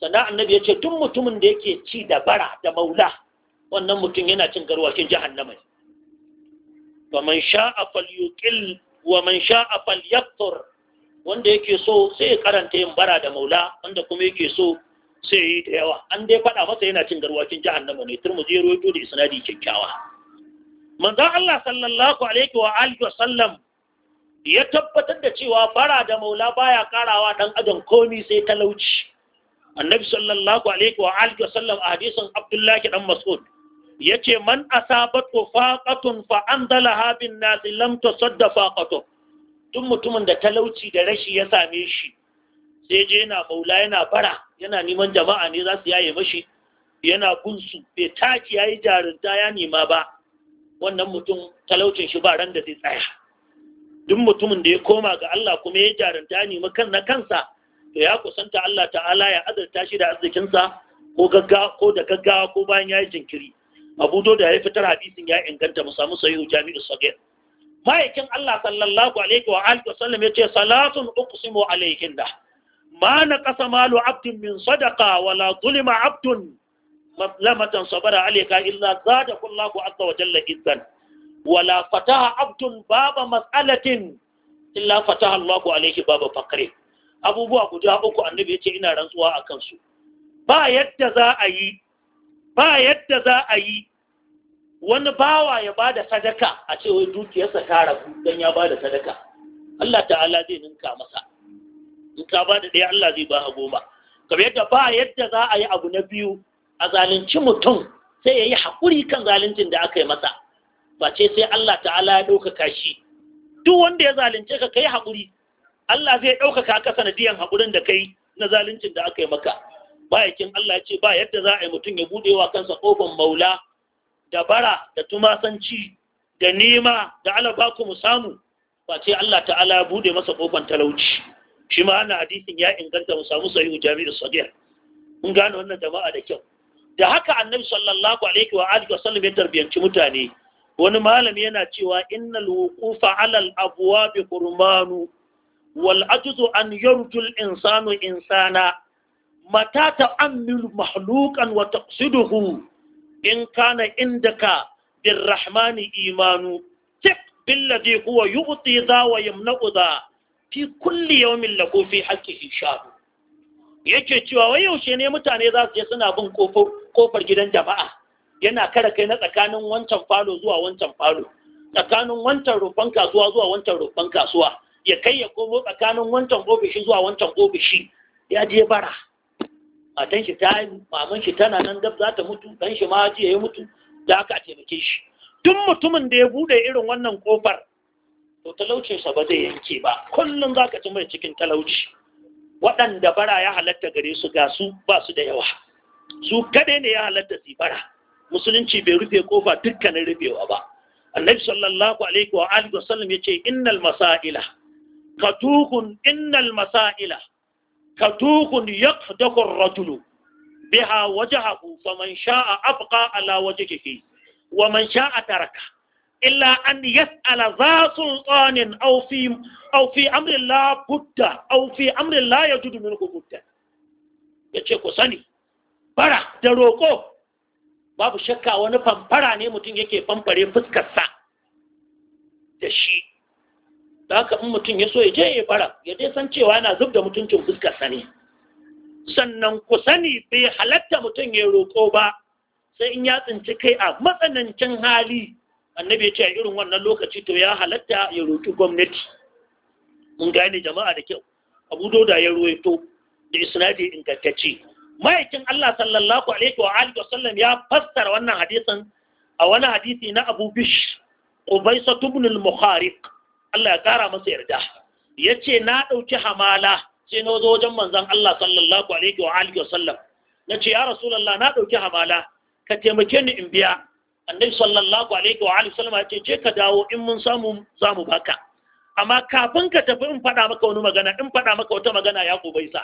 sannan annabi ya ce duk mutumin da yake ci da bara da maula wannan mutum yana cin garwakin jahannama wa man sha'a falyuqil wa man sha'a falyaktur wanda yake so sai ya karanta yin bara da maula wanda kuma yake so sai yi da yawa an dai faɗa masa yana cin garwakin jahannama ne turmuzi ya roƙo da isnadi kyakkyawa manzon Allah sallallahu alaihi wa alihi wa sallam ya tabbatar da cewa bara da maula baya karawa dan adam komi sai talauci annabi sallallahu alaihi wa alihi sallam a hadisin abdullahi dan mas'ud yace man asabatu faqatun fa andalaha bin nas lam tusadda faqatu tun mutumin da talauci da rashi ya same shi sai je yana maula yana bara yana neman jama'a ne za su yaye mashi yana gunsu bai taki ya yi jarinta ya nema ba wannan mutum talaucin shi ba ran da zai tsaya duk mutumin da ya koma ga Allah kuma ya jarinta ya nema kan na kansa to ya kusanta Allah ta'ala ya azurta shi da arzikinsa ko gaggawa ko da gaggawa ko bayan ya yi jinkiri abu da ya fitar hadisin ya inganta mu samu sahihu jami'u sagir ma'aikin Allah sallallahu alaihi wa alihi wa sallam yace salatun uqsimu da ma na ƙasa malu abdin min sadaka wala zulima abdun maslamatan sabara alaika illa zada kullahu azza wa jalla izzan wala fataha abdun baba mas'alatin illa fataha Allahu alaihi baba fakare. abubuwa guda uku annabi ce ina rantsuwa akan su ba yadda za a yi ba yadda za a yi wani bawa ya ba da sadaka a ce wai dukiyarsa ta rabu don ya ba da sadaka Allah ta'ala zai ninka masa in ka ba da ɗaya Allah zai ba goma kamar yadda ba yadda za a yi abu na biyu a zalunci mutum sai ya yi haƙuri kan zaluncin da aka yi masa face sai Allah ta'ala ya ɗaukaka shi duk wanda ya zalunce ka kai haƙuri Allah zai ɗaukaka ka sanadiyan haƙurin da kai na zaluncin da aka yi maka bayakin Allah ya ce ba yadda za a yi mutum ya buɗe wa kansa ƙofan maula da bara da tumasanci da nema da alaba ku mu samu face Allah ta'ala ya buɗe masa ƙofan talauci shi ma ana hadisin ya inganta mu samu sahihu jami'u sagir mun gane wannan jama'a da kyau da haka annabi sallallahu alaihi wa alihi wasallam ya tarbiyanci mutane wani malami yana cewa innal wuqufa alal abwab qurmanu wal ajzu an yarjul insanu insana mata ta'ammilu mahluqan wa taqsiduhu in kana indaka birrahmani imanu tik billadhi huwa yu'ti dha wa yamna'u dha fi kulli yawmin lahu fi haqqihi shahu yake cewa wai yaushe ne mutane za su je suna bin kofar gidan jama'a yana kare kai na tsakanin wancan falo zuwa wancan falo tsakanin wancan rufan kasuwa zuwa wancan rufan kasuwa ya kai ya komo tsakanin wancan ofishi zuwa wancan ofishi ya je bara matan shi ta maman shi tana nan dab za ta mutu dan shi ma ji ya mutu da aka taimake shi duk mutumin da ya bude irin wannan kofar to talaucinsa ba zai yanke ba kullum za ka ci mai cikin talauci waɗanda bara ya halatta gare su ga su ba su da yawa su kadai ne ya halatta su bara musulunci bai rufe kofa dukkanin rufewa ba annabi sallallahu alaihi wa alihi wasallam yace innal masaila katukun innal masaila katukun yaqdaku ar-rajulu biha wajhahu faman sha'a abqa ala wajhihi wa man sha'a taraka illa an yas'ala za sultanin au fi aw amrin la budda au fi amrin la yajudu minhu budda ce ku sani bara da roƙo babu shakka wani famfara ne mutum yake famfare fuskarsa da shi da haka in mutum ya so ya je ya bara ya dai san cewa yana zub da mutuncin fuskarsa ne sannan ku sani bai halatta mutum ya roƙo ba sai in ya tsinci kai a matsanancin hali annabi ya ce a irin wannan lokaci to ya halatta ya roƙi gwamnati mun gane jama'a da kyau abu doda ya ruwaito da isnadi ingantacce ma'aikin Allah sallallahu alaihi wa alihi wa sallam ya fassara wannan hadisin a wani hadisi na Abu Bish Ubaysa ibn al-Mukhariq Allah ya kara masa yarda yace na dauki hamala sai na zo wajen manzon Allah sallallahu alaihi wa alihi wa sallam nace ya rasulullah na dauki hamala ka taimake ni in biya annabi sallallahu alaihi wa alihi sallama ce je ka dawo in mun samu za mu baka amma kafin ka tafi in faɗa maka wani magana in faɗa maka wata magana ya gobe sa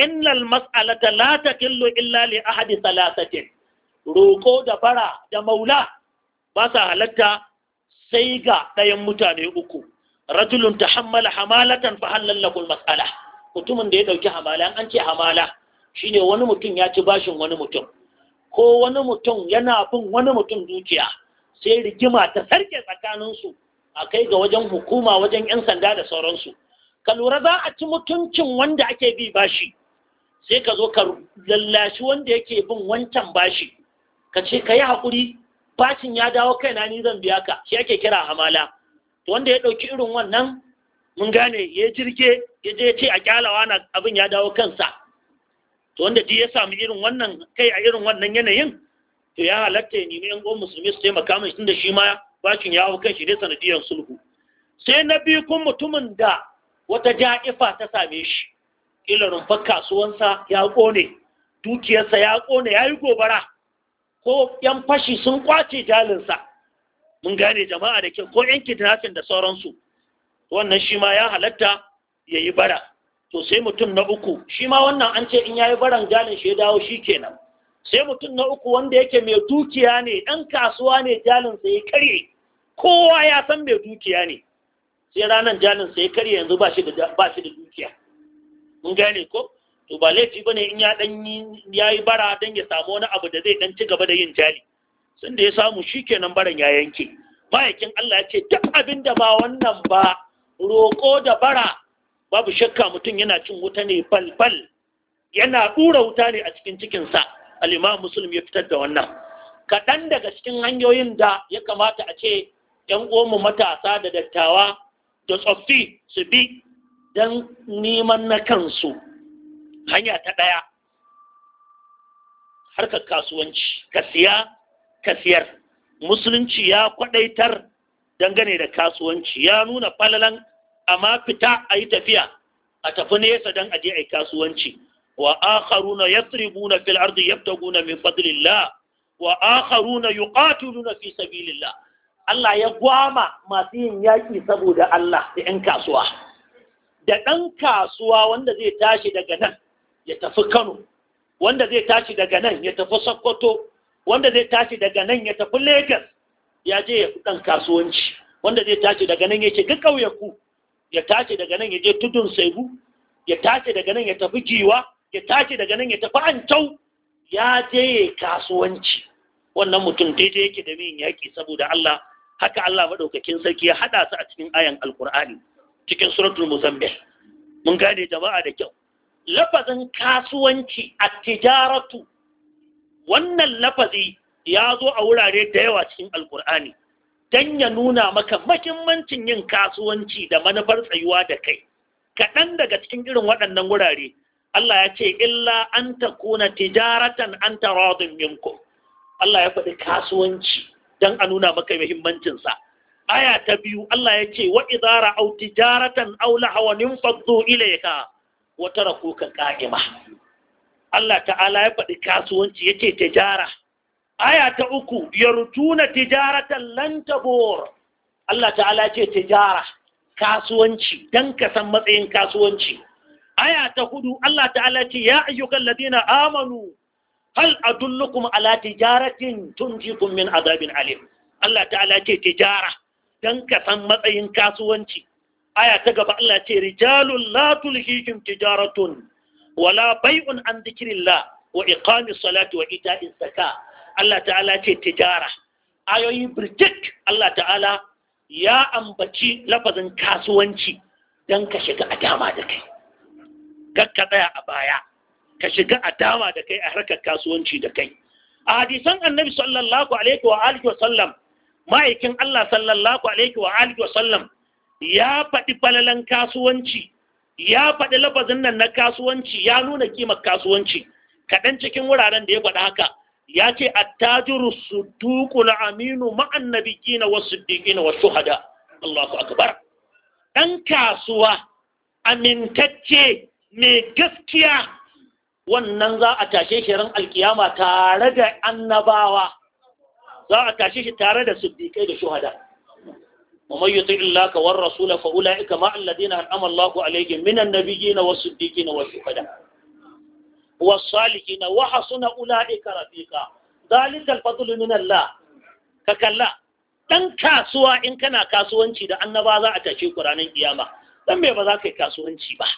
innal mas'alata la takillu illa li ahadi thalathatin roko da fara da maula ba sa halatta sai ga ɗayan mutane uku rajulun tahammala hamalatan fa halallakul mas'ala mutumin da ya dauki hamala an ce hamala shine wani mutum ya ci bashin wani mutum ko wani mutum yana bin wani mutum dukiya sai rigima ta sarke tsakaninsu a kai ga wajen hukuma wajen 'yan sanda da sauransu ka lura za a ci mutuncin wanda ake bi bashi sai ka zo ka lallashi wanda yake bin wancan bashi ka ce ka yi haƙuri bashin ya dawo kaina ni zan biya ka shi ake kira hamala wanda ya ɗauki irin wannan mun gane ya jirge ya je ce a kyalawa na abin ya dawo kansa to wanda ji ya samu irin wannan kai a irin wannan yanayin to ya halatta ya nemi yan uwan musulmi su taimaka mai tunda shi ma bakin ya hau kan shi ne sanadiyar sulhu sai na biyu kun mutumin da wata ja'ifa ta same shi kila rumfar kasuwansa ya kone dukiyarsa ya kone ya yi gobara ko yan fashi sun kwace jalinsa mun gane jama'a da kyau ko yan kidnapping da sauransu wannan shi ma ya halatta ya yi bara to sai mutum na uku shi ma wannan an ce in yayi baran jalin shi ya dawo shi kenan sai mutum na uku wanda yake mai dukiya ne ɗan kasuwa ne jalin sa ya karye kowa ya san mai dukiya ne sai ranar jalin sa ya karye yanzu ba shi da ba shi da dukiya mun gane ko to ba laifi bane in ya dan yayi bara dan ya samu wani abu da zai dan ci gaba da yin jali sun da ya samu shi kenan baran ya yanke ma'aikin Allah ya ce duk abin da ba wannan ba roko da bara babu shakka mutum yana cin wuta ne balbal yana ɗura wuta ne a cikin cikinsa al'imam musulmi ya fitar da wannan kaɗan daga cikin hanyoyin da ya kamata a ce ‘yan omu matasa da dattawa da tsoffi su bi don neman na kansu hanya ta ɗaya harkar kasuwanci ka siya ka siyar musulunci ya kwaɗaitar dangane da kasuwanci ya nuna falalan amma fita a yi tafiya a tafi nesa don aje a yi kasuwanci wa akharuna yasribuna fil ardi yabtaguna min fadlillah wa akharuna yuqatiluna fi sabilillah Allah ya gwama masu yin yaƙi saboda Allah da ɗan kasuwa, da ɗan kasuwa wanda zai tashi daga nan ya tafi Kano, wanda zai tashi daga nan ya tafi Sokoto, wanda zai tashi daga nan ya tafi Legas, ya je ya fi ɗan kasuwanci, wanda zai tashi daga nan ya ce, ga ƙauyaku ya tace daga nan ya je tudun saibu ya tace daga nan ya tafi jiwa ya tace daga nan ya tafi ancau ya je kasuwanci wannan mutum daidai yake da min yaki saboda Allah haka Allah maɗaukakin sarki ya haɗa su a cikin ayan alkur'ani cikin suratul muzammil mun gane jama'a da kyau lafazin kasuwanci a tijaratu wannan lafazi ya zo a wurare da yawa cikin alkur'ani don ya nuna maka mahimmancin yin kasuwanci da manufar tsayuwa da kai kaɗan daga cikin irin waɗannan wurare Allah ya ce illa an ta kuna tijaratan an ta radin minkum Allah ya faɗi kasuwanci don a nuna maka mahimmancinsa. aya ta biyu Allah ya ce wa idara au tijaratan au lahawanin ilayka wa ka qa'ima Allah ta'ala ya faɗi kasuwanci yace tijara aya ta uku yartuna tijaratan lan tabur Allah ta'ala ce tijara kasuwanci dan ka san matsayin kasuwanci aya ta hudu Allah ta'ala ce ya ayyukan ladina amanu hal adullukum ala tijaratin tunjikum min azabin alim Allah ta'ala ce tijara dan ka san matsayin kasuwanci aya ta gaba Allah ce rijalun la tulhihim tijaratun wala bai'un an dhikrillah wa iqamis salati wa ita'iz saka. Allah ta'ala ce tijara ayoyi birtik Allah ta'ala ya ambaci lafazin kasuwanci don ka shiga a dama da kai kakka tsaya a baya ka shiga a dama da kai a harkar kasuwanci da kai a hadisan annabi sallallahu alaihi wa alihi wa sallam ma'aikin Allah sallallahu alaihi wa alihi wa sallam ya faɗi falalan kasuwanci ya faɗi lafazin nan na kasuwanci ya nuna kimar kasuwanci kaɗan cikin wuraren da ya faɗi haka ya ce attajiru na aminu ma'an nabiyina was siddiqina was shuhada Allahu akbar dan kasuwa amintacce mai gaskiya wannan za a tashe shi ran alkiyama tare da annabawa za a tashe shi tare da siddiqai da shuhada ومن يطع الله والرسول فاولئك مع الذين انعم الله عليهم من النبيين والصديقين والشهداء والصالحين وحسن أولئك رفيقا ذلك الفضل من الله ككلا dan kasuwa in kana kasuwanci da annaba za a tashe ku ranar kiyama dan me ba za ka yi kasuwanci ba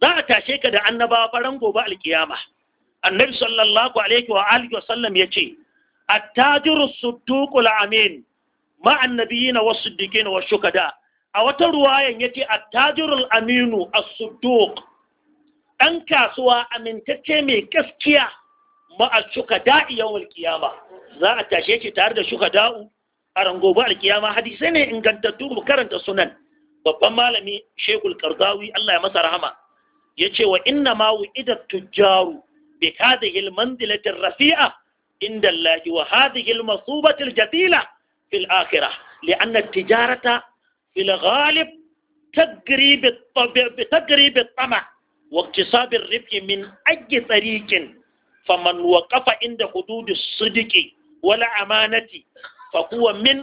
za a tashe ka da annaba faran gobe alkiyama annabi sallallahu alaihi wa alihi wa sallam yace at-tajiru as-siddiqul amin ma annabiyina was-siddiqin wash-shuhada a wata ruwayan yace at-tajirul aminu as-siddiq ɗan kasuwa amintacce mai gaskiya ma'al shuka da'i yawon alkiyama za a tashe shi tare da shuka da'u a rangobar alkiyama hadisai ne ingantattu mu karanta sunan babban malami shekul karzawi Allah ya masa rahama ya ce wa inna ma wu'ida tujjaru bi hadhihi almanzilati rafi'a inda Allah wa hadhihi almasubati aljazila fil akhirah لأن التجارة في الغالب تجري بالطمع واقتصاب الربح من أي طريق فمن وقف عند حدود الصدق والأمانة فهو من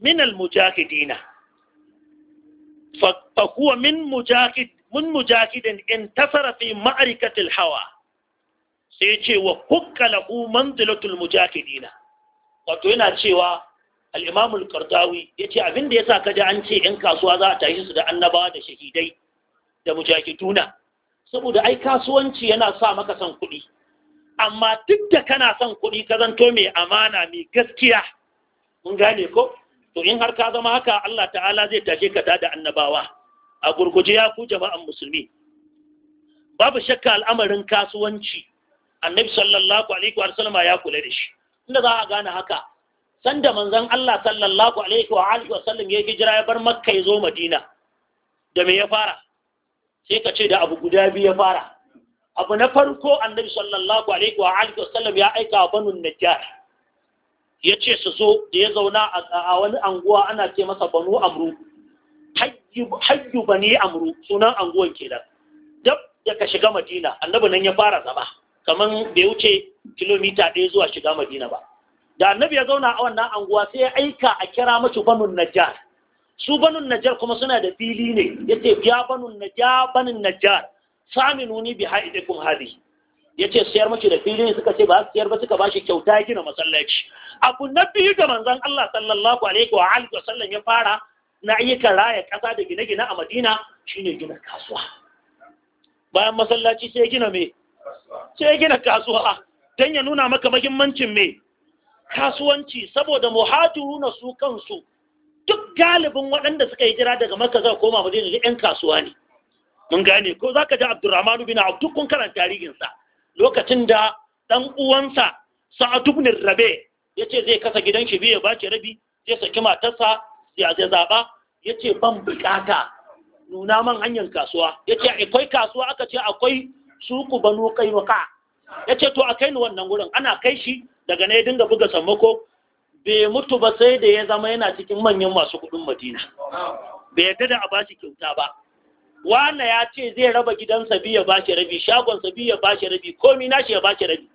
من المجاهدين فهو من مجاهد من مجاهد انتصر في معركة الهوى سيجي وحق له منزلة المجاهدين وتوينا شيوا الإمام القرطاوي يجي أبين ديسا كجا أنشي إن كاسوا ذا تايس دا أنبا دا شهيدي دا مجاهدون saboda ai kasuwanci yana sa maka son kuɗi amma duk da kana son kuɗi ka zanto mai amana mai gaskiya mun gane ko to in har ka zama haka Allah ta'ala zai tashe ka da annabawa a gurguje ya ku jama'an musulmi babu shakka al'amarin kasuwanci annabi sallallahu alaihi wa sallama ya kula da shi inda za a gane haka sanda manzon Allah sallallahu alaihi wa alihi wa sallam ya hijira ya bar makka ya zo madina da me ya fara sai ka ce da abu guda biyu ya fara abu na farko annabi sallallahu alaihi wa alihi wasallam ya aika wa banu najjar ya ce su zo da ya zauna a wani anguwa ana ce masa banu amru hayyu bani amru sunan anguwan kenan dab da ka shiga madina annabi nan ya fara zama kaman bai wuce kilomita ɗaya zuwa shiga madina ba da annabi ya zauna a wannan anguwa sai ya aika a kira mashi banu najjar su banun najjar kuma suna da fili ne ya ce ya banun najjar banun najjar sami nuni bi haɗe kun hali ya ce siyar da fili ne suka ce ba siyar ba suka ba bashi kyauta gina masallaci abu na biyu da manzon Allah sallallahu alaihi wa alihi wasallam ya fara na ayyukan raya ƙasa da gine-gine a Madina shine gina kasuwa bayan masallaci sai gina me sai gina kasuwa dan ya nuna maka muhimmancin me kasuwanci saboda muhajiruna su kansu duk galibin waɗanda suka yi jira daga maka zai koma ba zai yan kasuwa ne mun gane ko za zaka ji abdurrahman bin auf duk kun tarihinsa lokacin da ɗan uwansa sa'ad ibn rabe ce zai kasa gidan shi biye ce rabi zai saki matarsa ya zai Ya ce ban buƙata, nuna man hanyar kasuwa Ya ce akwai kasuwa aka ce akwai suku banu Ya ce to a kai ni wannan wurin? ana kai shi daga na ya dinga buga sammako bai mutu ba sai da ya zama yana cikin manyan masu kudin madina bai yadda da a bashi kyauta ba wanda ya ce zai raba gidan gidansa ba shi rabi Shagon shagonsa ba shi rabi komi nashi ya shi rabi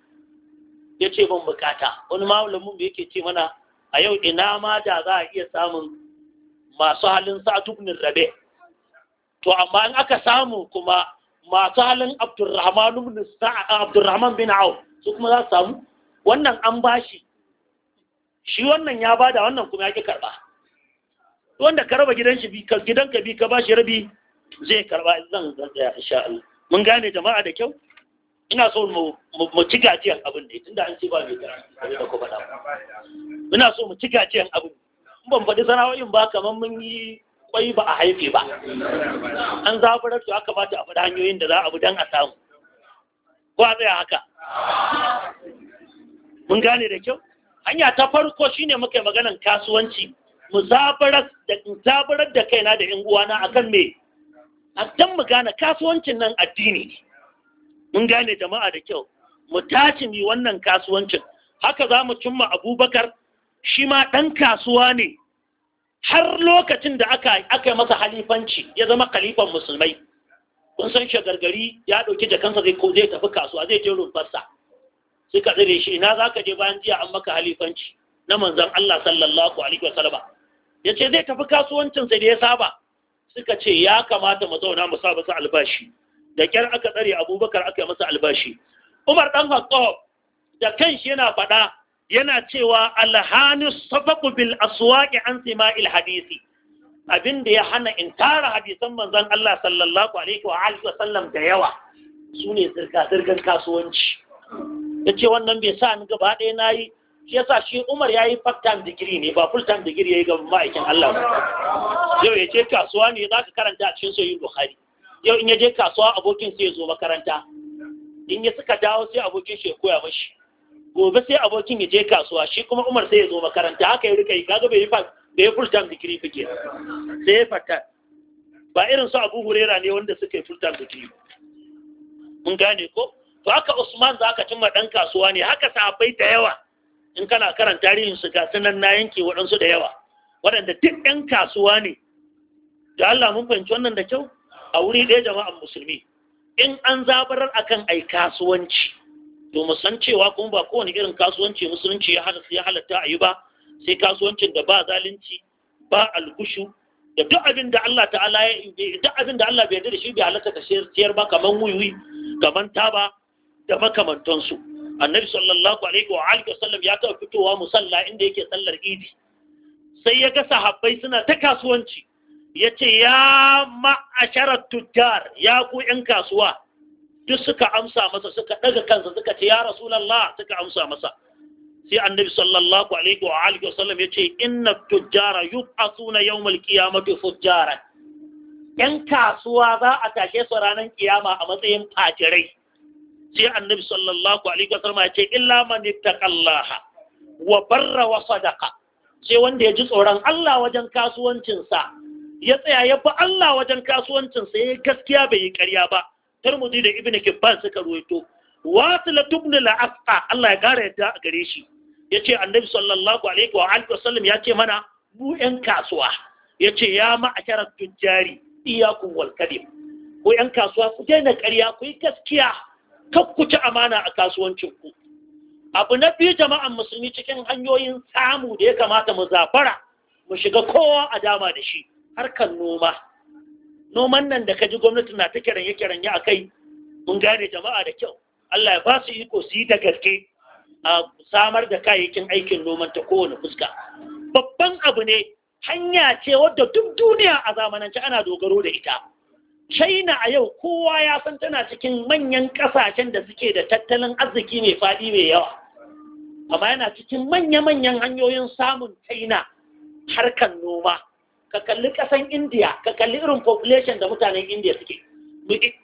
ya ce ban bukata wani malamin da yake ce mana a yau ina ma da za a iya samun masu halin satubnin rabe to amma in aka samu kuma masu halin abdurrahman bin au su kuma za su samu wannan an bashi shi wannan ya bada wannan kuma ya ki karba wanda ka raba gidan shi gidan ka bi ka bashi rabi zai karba zan tsaya insha Allah mun gane jama'a da kyau ina so mu ci gajiyan abin da tunda an ce ba mai gari da kuma da ina so mu ci gajiyan abin in ban faɗi sana'o'in ba kamar mun yi kwai ba a haife ba an zafarar to aka bata a faɗi hanyoyin da za a bi dan a samu ko a tsaya haka mun gane da kyau hanya ta farko shine muke magana maganan kasuwanci mu zabarar da kaina da yan uwana akan me dan mu gane kasuwancin nan addini mun gane jama'a da kyau mu tace mi wannan kasuwancin haka za mu cimma abubakar shi ma dan kasuwa ne har lokacin da aka aka masa halifanci ya zama khalifan musulmai kun san shagargari ya ɗauki jakansa zai ko zai tafi kasuwa zai je rumfarsa suka tsire shi ina za ka je bayan jiya an maka halifanci na manzan Allah sallallahu alaihi wasallama ya ce zai tafi kasuwancinsa da ya saba suka ce ya kamata mu zauna mu sa masa albashi da kyar aka tsare abubakar aka yi masa albashi umar dan hattab da kanshi yana faɗa yana cewa alhani safaku bil aswaqi an sima'il hadisi Abin da ya hana in tara hadisan manzan Allah sallallahu alaihi wa da yawa sune zirga zirgan kasuwanci ya ce wannan bai sa ni gaba ɗaya na yi shi yasa shi umar ya yi faktan digiri ne ba fultan digiri ya yi ga ma'aikin Allah ba yau ya je kasuwa ne za ka karanta a cikin soyin Buhari. yau in ya je kasuwa abokin sai ya zo makaranta in ya suka dawo sai abokin shi ya koya mashi gobe sai abokin ya je kasuwa shi kuma umar sai ya zo makaranta haka ya rika yi kaga bai yi part bai yi full time fike sai ya fata ba irin su abu hurera ne wanda suka yi fultan digiri mun gane ko to haka Usman za ka cimma ɗan kasuwa ne haka sahabbai da yawa in kana karan tarihin su ga sunan na yanke waɗansu da yawa waɗanda duk ɗan kasuwa ne da Allah mun fahimci wannan da kyau a wuri ɗaya jama'an musulmi in an zabarar akan ai kasuwanci to mu san cewa kuma ba kowane irin kasuwanci musulunci ya halatta a yi ba sai kasuwancin da ba zalunci ba alkushu da duk abin da Allah ta'ala ya duk abin da Allah bai yarda da shi bai halaka ka sayar ba kaman wuyuyi kaman taba da makamantansu annabi sallallahu alaihi wa alihi wasallam ya taɓa fitowa musalla inda yake sallar idi sai ya ga sahabbai suna ta kasuwanci ya ce ya ma'asharar tujjar ya ku ‘yan kasuwa duk suka amsa masa suka ɗaga kansa suka ce ya rasulallah suka amsa masa sai annabi sallallahu alaihi wa alihi wasallam ya ce inna tujjara yub'asuna yawmal qiyamati fujjara ‘yan kasuwa za a tashe su ranar kiyama a matsayin fajirai sai annabi sallallahu alaihi wasallam ya ce illa man ittaqallaha wa barra wa sadaqa sai wanda ya ji tsoron Allah wajen kasuwancinsa ya tsaya ya bi Allah wajen kasuwancinsa ya gaskiya bai yi ƙarya ba Tirmidhi da Ibn Kibban suka ruwaito wasila ibn al-asqa Allah ya gare yadda a gare shi yace annabi sallallahu alaihi wa alihi wasallam yace mana mu yan kasuwa yace ya ma'ashara tujjari iyakum wal kadhib ko yan kasuwa ku daina ƙarya ku yi gaskiya ci amana a kasuwancinku abu na biyu jama'an musulmi cikin hanyoyin samu da ya kamata mu zafara mu shiga kowa a dama da shi harkar noma noman nan da kaji gwamnati na ta kiranye kiranye a kai mun gane jama'a da kyau Allah ya ba su iko su yi da gaske a samar da kayayyakin aikin noman ta kowane fuska babban abu ne hanya ce wadda duk duniya a zamanance ana dogaro da ita China a yau kowa ya san tana cikin manyan ƙasashen da suke da tattalin arziki mai faɗi mai yawa. Amma yana cikin manya-manyan hanyoyin samun China harkar noma. Ka kalli ƙasan India, ka kalli irin population da mutanen India suke.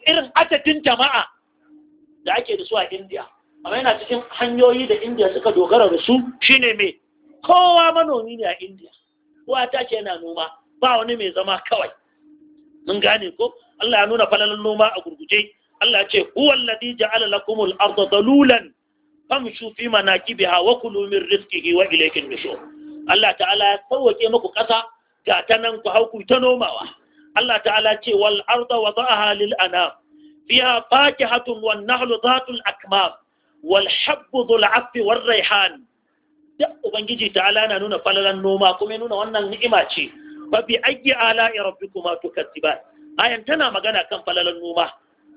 Irin adadin jama'a da ake da su a India. Amma yana cikin hanyoyi da India suka dogara da su shine mai kowa manomi ne a India. Kowa ta ce yana noma, ba wani mai zama kawai. mun gane ko Allah ya nuna falalan noma a gurguje Allah ce huwal ladhi ja'ala lakumul arda dalulan famshu fi manakibiha wa kulu min rizqihi wa ilayhi nushur Allah ta'ala ya sauke muku kasa ga ta nan ku hauku ta nomawa Allah ta'ala ce wal arda wada'aha lil anam fiha fakihatun wan nahlu dhatul akmam wal habbu dhul affi war rayhan da ubangiji ta'ala na nuna falalan noma kuma nuna wannan ni'ima ce fa bi ayyi kuma rabbikuma tukazziban ayan tana magana kan falalan noma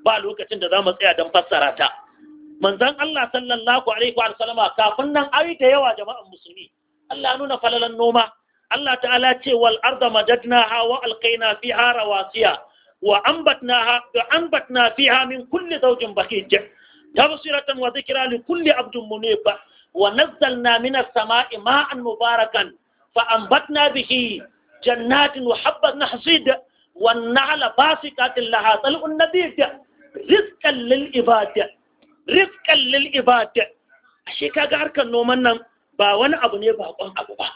ba lokacin da za mu tsaya don fassara ta manzon Allah sallallahu alaihi wa sallama kafin nan ayi da yawa jama'an musulmi Allah nuna falalan noma Allah ta'ala ce wal arda madadnaha wa alqaina fiha rawasiya wa anbatnaha wa anbatna fiha min kulli zawjin bahij tabsiratan wa dhikra li kulli abdin munib wa nazzalna mina sama'i ma'an mubarakan fa anbatna bihi jannatin wa habbat nahsid wan nahla basiqatin laha tal'un nabid rizqan lil ibad rizqan lil ashe kaga harkar noman nan ba wani abu ne bakon abu ba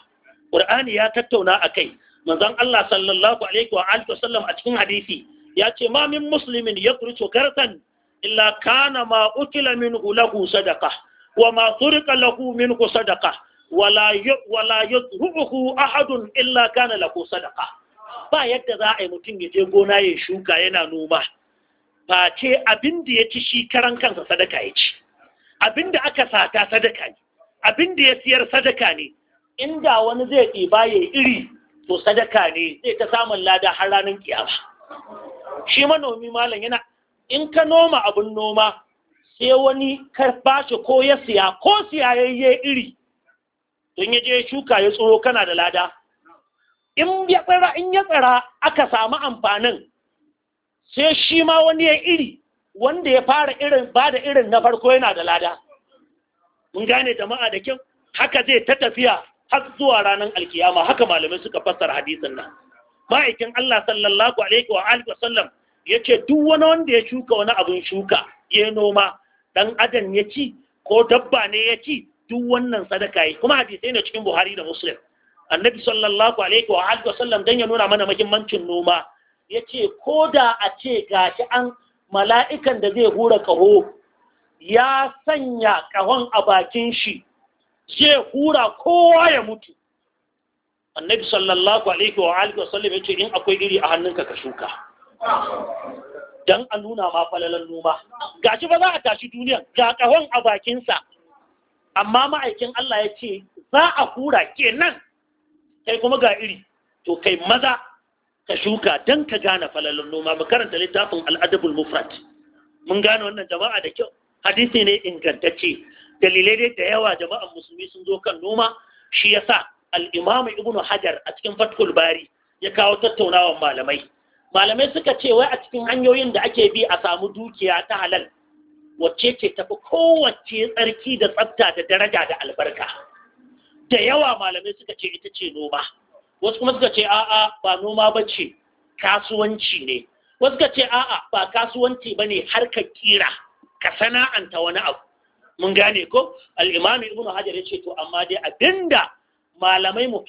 qur'ani ya tattauna a kai. manzon Allah sallallahu alaihi wa alihi wasallam a cikin hadisi ya ce ma min muslimin yakrutu kartan illa kana ma ukila minhu lahu sadaqa wa ma turika lahu minhu sadaqa wala yuzruhu ahadun illa kana lahu sadaqa ba yadda za a yi mutum ya je gona ya shuka yana noma ba ce abin da ya ci shi karan kansa sadaka ya ci abin da aka sata sadaka ne abin da ya siyar sadaka ne inda wani zai ɗiba ya iri to sadaka ne zai ta samun lada har ranar kiyama shi manomi malam yana in ka noma abin noma sai wani ka bashi ko ya siya ko siya yayye iri don ya je shuka ya tsoro kana da lada in ya tsara in ya tsara aka samu amfanin sai shi ma wani ya iri wanda ya fara irin ba da irin na farko yana da lada mun gane jama'a da kyau haka zai ta tafiya har zuwa ranar alkiyama haka malamai suka fassara hadisin nan ma'aikin Allah sallallahu alaihi wa alihi wa sallam yace duk wani wanda ya shuka wani abun shuka ya noma dan adam ya ci ko dabba ne ya ci duk wannan sadaka yi kuma hadisai ne cikin buhari da muslim annabi sallallahu alaihi wa alihi wasallam dan ya nuna mana muhimmancin noma yace ko da a ce gashi an mala'ikan da zai hura kaho ya sanya kahon a bakin shi zai hura kowa ya mutu annabi sallallahu alaihi wa alihi wasallam yace in akwai iri a hannunka ka shuka dan a nuna ma falalan noma gashi ba za a tashi duniya ga kahon a bakin sa. amma ma'aikin Allah ya ce za a hura kenan kai kuma ga iri to kai maza ka shuka don ka gane falalin noma mu karanta littafin al'adabul mufrat mun gane wannan jama'a da kyau hadisi ne ingantacce dalilai dai da yawa jama'an musulmi sun zo kan noma shi ya sa al’imamu ibnu hajar a cikin Fatkul bari ya kawo tattaunawan malamai malamai suka ce wai a cikin hanyoyin da ake bi a samu dukiya ta halal wacce ce tafi kowace tsarki da tsafta da daraja da albarka da yawa malamai suka ce ita ce noma wasu kuma suka ce a'a ba noma ba ce kasuwanci ne wasu suka ce a'a ba kasuwanci ba ne ka kira ka sana'anta wani abu mun gane ko al'imami ibnu hajar ya ce to amma dai abinda malamai mu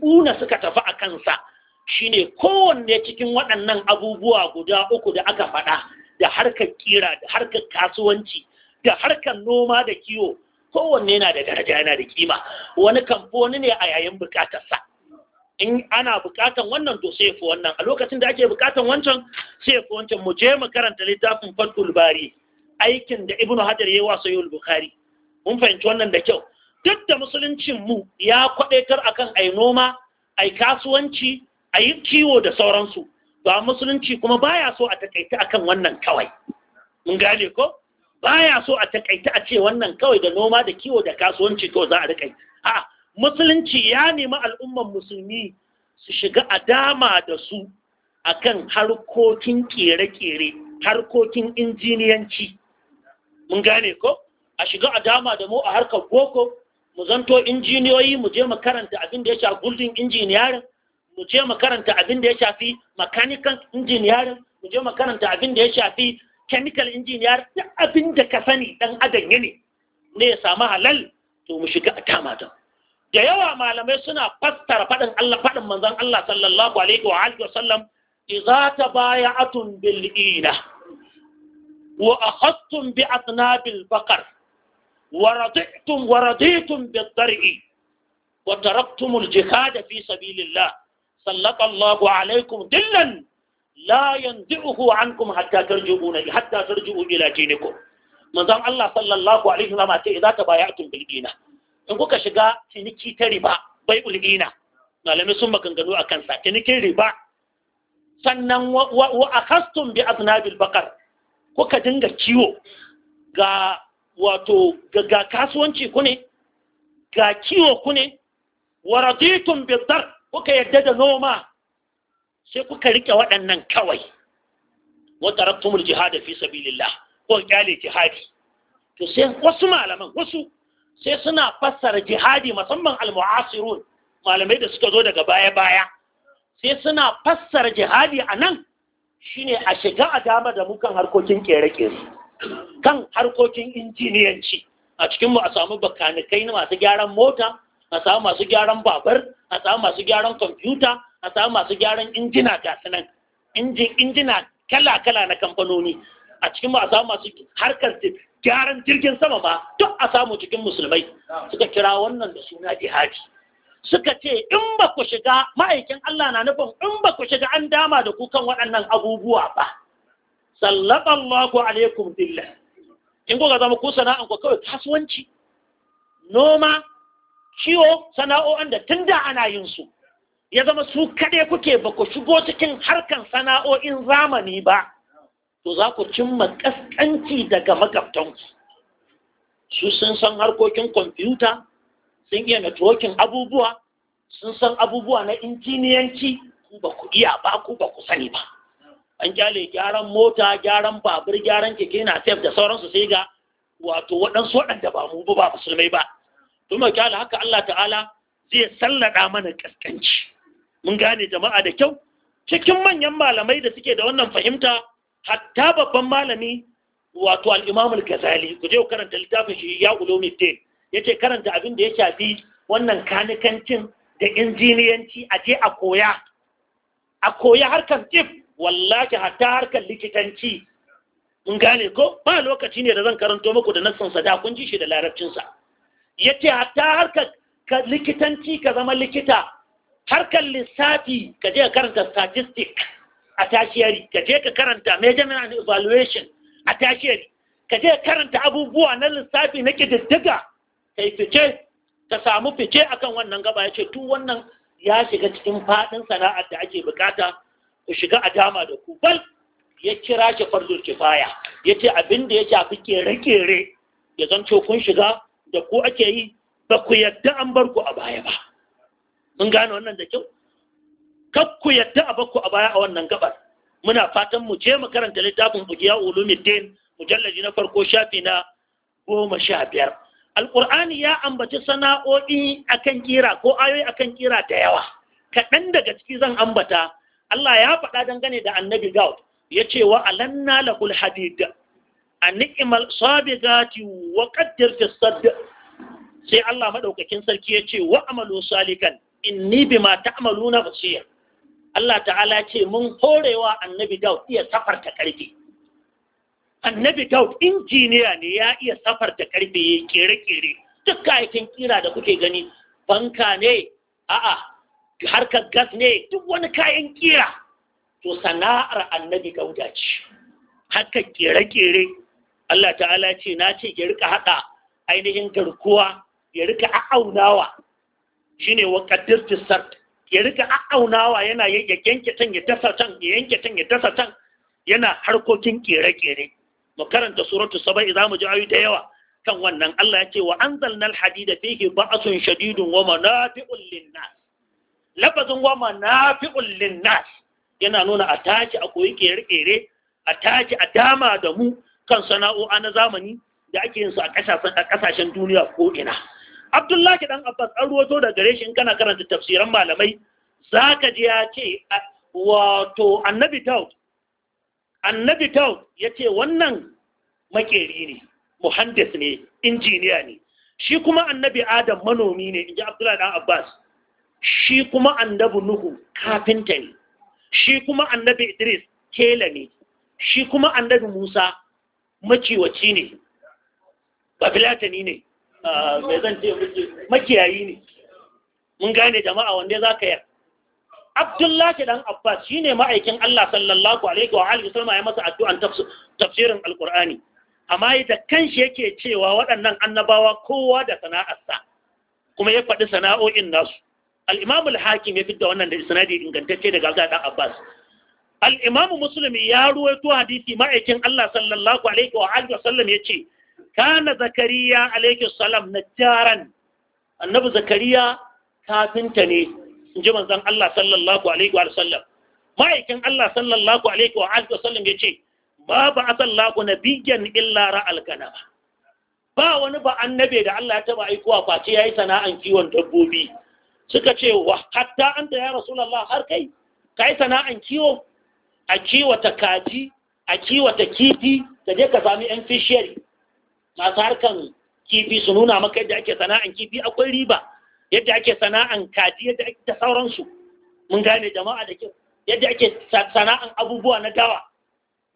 kuna suka tafi a kansa shine kowanne cikin waɗannan abubuwa guda uku da aka faɗa da harkar kira da harkar kasuwanci da harkar noma da kiwo kowanne yana da daraja yana da kima wani kamfoni ne a yayin bukatarsa in ana bukatan wannan to sai fi wannan a lokacin da ake bukatan wancan sai fi wancan mu je mu karanta littafin fatul bari aikin da ibnu hajar yayi wa sayyid bukhari mun fahimci wannan da kyau duk da musuluncin mu ya kwadaitar akan ai noma ai kasuwanci ai kiwo da sauransu ba musulunci kuma baya so a takaita akan wannan kawai mun gane ko baya so a takaita a ce wannan kawai da noma da kiwo da kasuwanci ko za a rika a musulunci ya nemi al'umman musulmi su shiga adama dama da su akan harkokin kere-kere harkokin injiniyanci mun gane ko a shiga a dama da mu a harkar boko mu zanto injiniyoyi mu je mu karanta abin da ya sha guldin injiniyarin mu je makaranta abin da ya shafi mechanical engineering mu je makaranta abin da ya shafi chemical engineer duk abin da ka sani dan adam ya ne ne ya samu halal to mu shiga a tamata da yawa malamai suna fassara faɗin Allah faɗin manzon Allah sallallahu alaihi wa alihi wasallam idza tabaya'atun bil ina wa akhadtum bi atnabil baqar wa raditum wa raditum bid dar'i wa taraktum al jihad fi sabilillah sallata Allahu alaikum dillan la yanzi'uhu ankum hatta tarji'una hatta tarji'u ila dinikum manzon Allah sallallahu alaihi wasallam sai idza tabaya'tum bil dina in kuka shiga ciniki ta riba bai ulgina malamai sun maganganu a kansa cinikin riba sannan wa bi aznabil bakar kuka dinga kiwo ga wato ga kasuwanci ku ne ga kiwo ku ne wa raditum bi dar kuka yadda da noma sai kuka rike waɗannan kawai wata rattumul jihada fi sabilillah ko kyale jihadi to sai wasu malaman wasu sai suna fassara jihadi musamman al-mu'asirun malamai da suka zo daga baya-baya sai suna fassara jihadi a nan shine a shiga a dama da mu kan harkokin kere-kere kan harkokin injiniyanci a cikin mu a samu bakanikai na masu gyaran mota a samu masu gyaran babur a samu masu gyaran kwamfuta a samu masu gyaran injina ga nan injina kala-kala na kamfanoni a cikin masu a samu masu harkar gyaran jirgin sama ba duk a samu cikin musulmai suka kira wannan da suna jihadi suka ce in ba ku shiga ma'aikin Allah na nufin in ba ku shiga an dama da ku kan waɗannan abubuwa ba sallallahu alaikum billah in ga zama ku sana'an ku kawai kasuwanci noma ciwo sana'o'an da tun da ana yin su ya zama su kaɗai kuke ba ku shigo cikin harkan sana'o'in zamani ba to za ku cimma ƙasƙanci daga magabtanku su sun san harkokin kwamfuta sun iya networking abubuwa sun san abubuwa na injiniyanci ku ba ku iya ba ku ba ku sani ba an kyale gyaran mota gyaran babur gyaran keke na da sauransu sai ga wato waɗansu waɗanda ba mu ba musulmai ba kuma kyala haka Allah ta'ala zai sallada mana kaskanci mun gane jama'a da kyau cikin manyan malamai da suke da wannan fahimta hatta babban malami wato al-Imam al-Ghazali ku je ku karanta littafin shi ya ulumuddin yace karanta abin da ya shafi wannan kanikancin da injiniyanci a je a koya a koya harkar jif wallahi hatta harkar likitanci mun gane ko ba lokaci ne da zan karanto muku da nassansa da kun ji shi da larabcinsa ya ce hatta harkar likitanci ka zama likita harkar lissafi ka je ka karanta statistic a tashiyari ka je ka karanta measurement and evaluation a tashiyari ka je ka karanta abubuwa na lissafi na ƙididdiga ka yi fice ka samu fice akan wannan gaba ya ce tu wannan ya shiga cikin faɗin sana'ar da ake bukata ku shiga a dama da ku bal ya kira shi farzul kifaya ya ce abin da ya shafi kere-kere ya zanto kun shiga da ku ake yi ba ku yadda an bar ku a baya ba mun gane wannan da kyau kar ku yadda a bakku a baya a wannan gabar muna fatan mu je mu karanta littafin bugiya ulumuddin mujallaji na farko shafi na goma sha biyar alƙur'ani ya ambaci sana'o'i akan kira ko ayoyi akan kira da yawa kaɗan daga ciki zan ambata Allah ya faɗa dangane da annabi Gaud ya ce wa alanna lahul hadid a ni'imal sabigati wa qaddar fi sadd sai Allah madaukakin sarki yace ce wa amalu salikan inni bima ta'maluna basir Allah ta'ala ce mun horewa annabi Daud iya safarta karfi annabi Daud injiniya ne ya iya safarta karfi ya kere-kere duk kayakin kira da kuke gani banka ne a'a harkar gas ne duk wani kayan kira to sana'ar annabi Dauda ce harkar kere-kere Allah ta'ala ce na ce ya rika haɗa ainihin garkuwa ya rika a'aunawa ne wa qaddir fisar ya rika a'aunawa yana yanke tan ya dasa tan ya yanke tan ya dasa tan yana harkokin ƙere-ƙere. mu karanta suratu sabai za mu ji ayu da yawa kan wannan Allah ya ce wa anzalna da fihi ba'asun shadidun wa manafi'un linnas lafazin wa manafi'un linnas yana nuna a tashi a koyi ƙere-ƙere, a tashi a dama da mu kan sana'o'a na zamani da ake yin su a kasashen duniya ko ina abdullahi dan abbas an ruwato da gare shi in kana karanta tafsiran malamai zaka ji ya ce wato annabi taud annabi taud ya ce wannan makeri ne muhandis ne injiniya ne shi kuma annabi adam manomi ne in ji abdullahi dan abbas shi kuma annabi nuhu kafinta ne shi kuma annabi idris kela ne shi kuma annabi musa maciwaci ne Babilatani ne ah, mai zan ce makiyayi ne mun gane jama'a wanda za ka yar abdullahi dan abbas ne ma'aikin allah sallallahu alaihi wa alihi wasallam ya masa addu'an tafsirin alkur'ani amma da kanshi yake cewa waɗannan annabawa kowa da sana'arsa kuma ya faɗi sana'o'in nasu Al'imamul hakim ya da wannan da sanadi ingantacce daga ga dan abbas Al'imamu Musulmi muslim ya ruwaito hadisi ma'aikin Allah sallallahu alaihi wa alihi wasallam yace kana zakariya alaihi na najjaran annabi zakariya kafinta ne inji manzon Allah sallallahu alaihi wa sallam ma'aikin Allah sallallahu alaihi wa alihi wasallam ce, ba ba na bigyan illa ra'al ganama ba wani ba annabe da Allah ya taba aikowa face yi sana'an kiwon dabbobi suka ce wa hatta da ya rasulullah har kai ka yi sana'an kiwo a kiwata kaji a kiwata kifi ka je ka sami yan fishiyari masu harkan kifi su nuna maka yadda ake sana'an kifi akwai riba yadda ake sana'an kaji yadda ake ta sauransu mun gane jama'a da kyau yadda ake sana'an abubuwa na dawa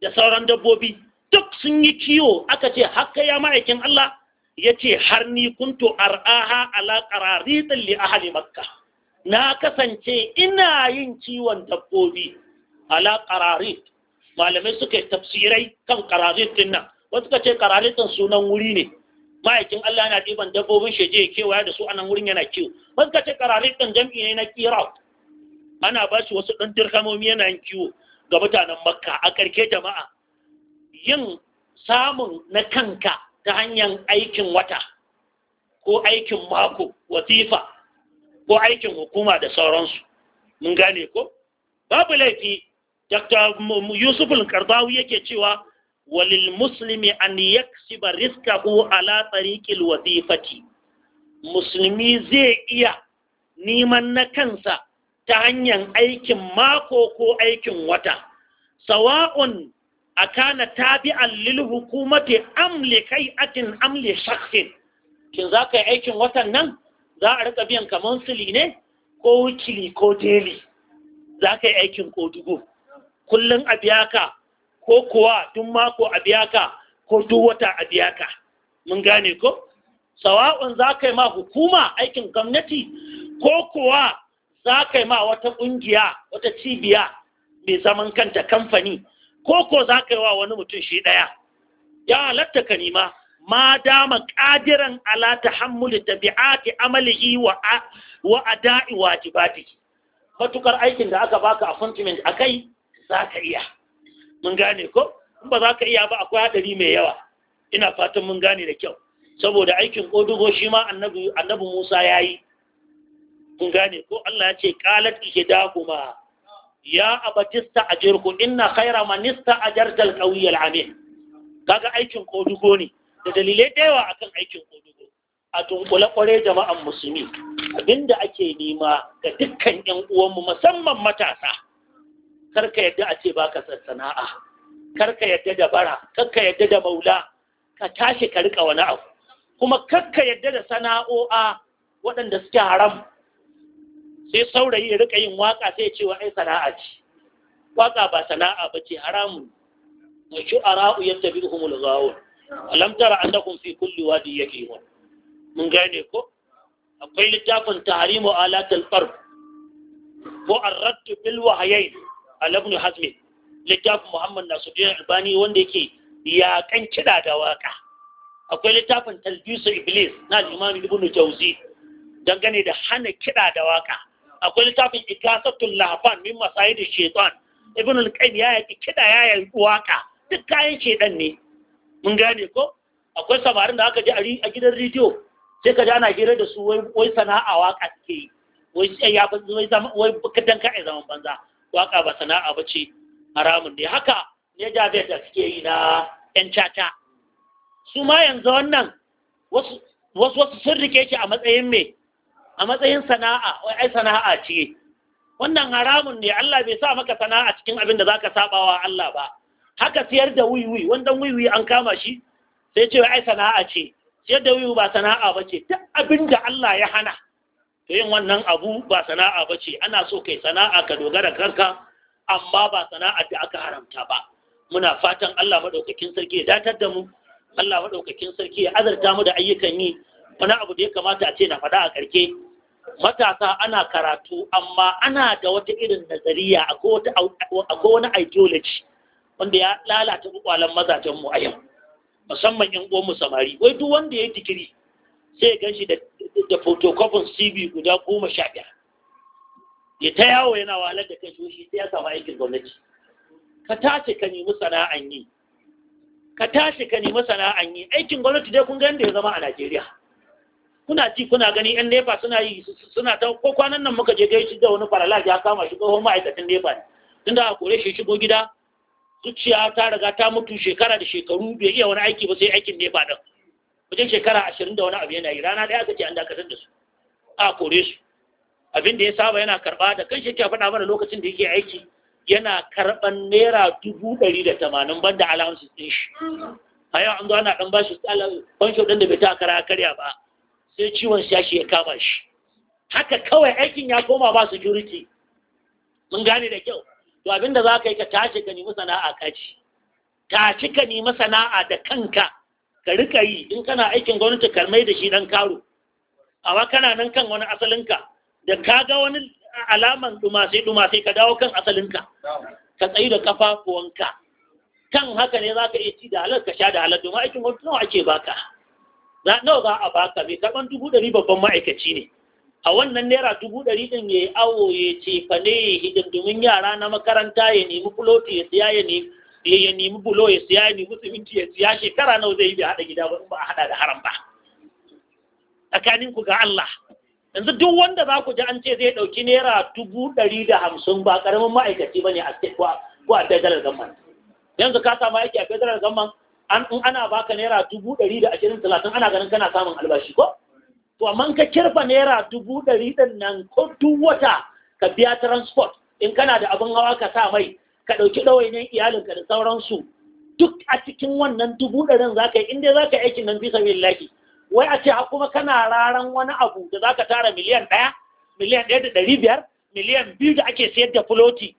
da sauran dabbobi duk sun yi kiwo aka ce haka ya ma'aikin Allah ya ce har ni kuntu ar'aha ala qararitin li ahli makka na kasance ina yin kiwon dabbobi ala qararit malamai suka yi tafsirai kan qararit din nan wasu ka ce qararit sunan wuri ne ma'aikin Allah yana ɗiban dabbobin sheje ya kewaya da su a nan wurin yana kiwo wasu ka ce qararit jam'i ne na kira ana ba shi wasu ɗan dirhamomi yana yin kiwo ga mutanen makka a ƙarke jama'a yin samun na kanka ta hanyar aikin wata ko aikin mako wasifa ko aikin hukuma da sauransu mun gane ko babu laifi Dr. Yusuf al qardawi yake cewa walil muslimi an yaksiba rizqahu ala tariqil wazifati musulmi zai iya neman na kansa ta hanyar aikin mako ko aikin wata sawa'un akana tabi'an lil hukumati amli kai'atin amli shakhsin kin zaka yi aikin watan nan za a rika biyan kamar ne ko kili ko deli za ka yi aikin kodugo kullum a biya ka ko kuwa tun mako a biya ka ko duk wata a biya ka mun gane ko sawa'un za ka yi ma hukuma aikin gwamnati ko kuwa za ka yi ma wata ƙungiya wata cibiya mai zaman kanta kamfani ko ko za ka yi wa wani mutum shi ɗaya ya halatta ka nima ma dama ƙadiran ala ta hammuli da bi'ati amalihi wa wa ada'i wajibati matukar aikin da aka baka appointment kai za ka iya mun gane ko in ba za ka iya ba akwai haɗari mai yawa ina fatan mun gane da kyau saboda aikin ƙodugo shi ma annabi musa ya yi mun gane ko allah ya ce ƙalat ihe dakuma ya abatista ajirku inna khaira manista ajartal qawiyal amin kaga aikin ƙodugo ne da dalilai da yawa akan aikin ƙodugo a tunkule kware jama'an musulmi abinda ake nema ga dukkan 'yan uwanmu musamman matasa kar ka yadda a ce baka ka sana'a kar ka yadda da bara kar ka yadda da maula ka tashi ka rika wani abu kuma kar ka yadda da sana'o'a waɗanda suke haram sai saurayi ya rika yin waka sai cewa ai sana'a ce waka ba sana'a ba ce haramu wa shu'ara'u yattabi'uhumul ghawun alam tara annakum fi kulli wadi yakimun mun gane ko akwai littafin tahrimu alatul farq ko ar bil wahyayn alabnu hazmi littafin muhammad nasuddin albani wanda yake yakan kiɗa da waƙa akwai littafin talbisu iblis na al'imam ibnu jauzi dangane da hana kiɗa da waƙa akwai littafin ikasatul lahfan min masayid shaitan ibnu alqayyim ya yi kiɗa ya yi waƙa duk kayan shedan ne mun gane ko akwai samarin da aka ji a gidan rediyo sai ka ji ana hira da su wai sana'a waƙa ke wai ya wai kadan ka zaman banza waka ba sana'a ba ce haramun ne haka ne jabir da suke yi na ƴan caca su ma yanzu wannan wasu wasu sun rike shi a matsayin me a matsayin sana'a wai ai sana'a ce wannan haramun ne Allah bai sa maka sana'a cikin abin da zaka saba wa Allah ba haka siyar da wiwi wanda wiwi an kama shi sai ce ai sana'a ce siyar da wiwi ba sana'a ba ce duk abin da Allah ya hana to yin wannan abu ba sana'a ba ce ana so kai sana'a ka dogara karka amma ba sana'a da aka haramta ba muna fatan Allah maɗaukakin sarki ya datar da mu Allah maɗaukakin sarki ya azarta mu da ayyukan yi wani abu da ya kamata a ce na faɗa a ƙarke matasa ana karatu amma ana da wata irin nazariya akwai wani ideology wanda ya lalata kwakwalen mazajen mu a yau musamman yan uwan mu samari wai duk wanda ya digiri sai ya ganshi da da fotokofin cv guda goma sha ya ta yawo yana wahalar da kai shi sai ya samu aikin gwamnati ka tashi ka nemi sana'an yi ka tashi ka nemi sana'an yi aikin gwamnati dai kun ga yadda ya zama a najeriya kuna ji kuna gani yan nefa suna yi suna ta ko kwanan nan muka je gaishe da wani faralaj ya kama shi tsohon ma'aikatan nefa ne tunda a kore shi shigo gida zuciya ta riga ta mutu shekara da shekaru bai iya wani aiki ba sai aikin nefa din wajen shekara ashirin da wani abu yana yi rana da kake an dakatar da su a kore su abin da ya saba yana karba da kan shekara faɗa mana lokacin da yake aiki yana karɓan naira dubu ɗari da tamanin ban da alawansu ɗin shi a yau an zo ana ɗan bashi fansho ɗin da bai ta kara karya ba sai ciwon shashi ya kama shi haka kawai aikin ya koma ba security mun gane da kyau to abin da za ka yi ka tashi ka nemi sana'a ka ci tashi ka nemi sana'a da kanka ka rika yi in kana aikin gwamnati ka mai da shi dan karo amma kana nan kan wani asalinka da ka ga wani alaman dumasai dumasai ka dawo kan asalinka ka tsayi da kafafuwanka kan haka ne za ka iya ci da halar ka sha da halar domin aikin gwamnati nawa ake baka za nawa za a baka mai karban dubu ɗari babban ma'aikaci ne a wannan naira dubu ɗari ɗin ya yi awo ya ce fa ne ya hidin domin yara na makaranta ya nemi fuloti ya siya ya nemi Eh, ya nemi bulo ya siya ya nemi siminti ya siya shekara nawa zai yi bai haɗa gida ba ba a haɗa da haram ba tsakanin ku ga Allah yanzu duk wanda za ku ji an ce zai ɗauki naira dubu ɗari da hamsin ba ƙaramin ma'aikaci ba ne a state ko a federal gamman yanzu ka samu aiki a federal gamman an in ana baka naira dubu ɗari da ashirin talatin ana ganin kana samun albashi ko to amma ka kirfa naira dubu ɗari ɗin nan ko duk wata ka biya transport in kana da abin hawa ka sa mai ka ɗauki ɗawainiyar iyalinka da sauransu duk a cikin wannan dubu ɗarin za ka yi inda za ka yi aikin nan bisa laki wai a ce ha kuma kana raran wani abu da za ka tara miliyan ɗaya miliyan ɗaya da ɗari biyar miliyan biyu da ake sayar da fuloti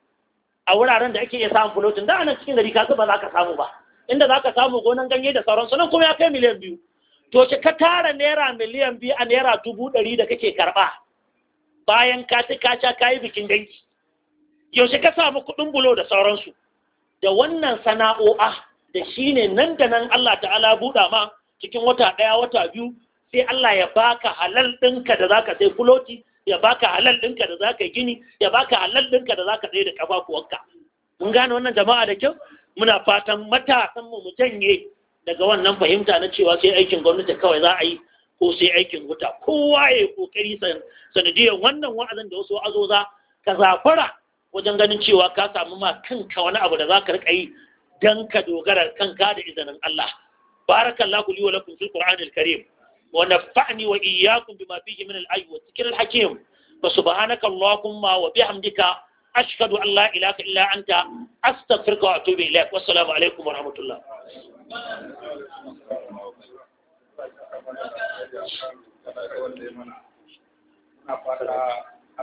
a wuraren da ake iya samun fulotin da nan cikin gari ka ba za ka samu ba inda za ka samu gonan ganye da sauransu nan kuma ya kai miliyan biyu to ce ka tara naira miliyan biyu a naira dubu ɗari da kake karɓa bayan ka ci ka sha ka yi bikin dangi yaushe ka samu kuɗin bulo da sauransu da wannan sana'o'a da shi ne nan da nan Allah ta'ala buɗa ma cikin wata ɗaya wata biyu sai Allah ya baka halal ɗinka da zaka sai kuloti, ya baka halal ɗinka da zaka gini ya baka halal ɗinka da zaka tsaye da kafafuwanka mun gane wannan jama'a da kyau muna fatan matasan mu mu janye daga wannan fahimta na cewa sai aikin gwamnati kawai za a yi ko sai aikin wuta kowa ya yi kokari sanadiyar wannan wa'azin da wasu wa'azoza ka zafara wajen ganin cewa ka samu ma kanka wani abu da za ka riƙa yi don ka dogara kanka da izinin Allah barakallahu li wa lakum fil qur'anil karim wa nafa'ni wa iyyakum bima fihi min al ayyi wa dhikril hakim wa subhanaka allahumma wa bihamdika ashhadu an la ilaha illa anta astaghfiruka wa atubu ilaik wa assalamu alaikum wa rahmatullah na fata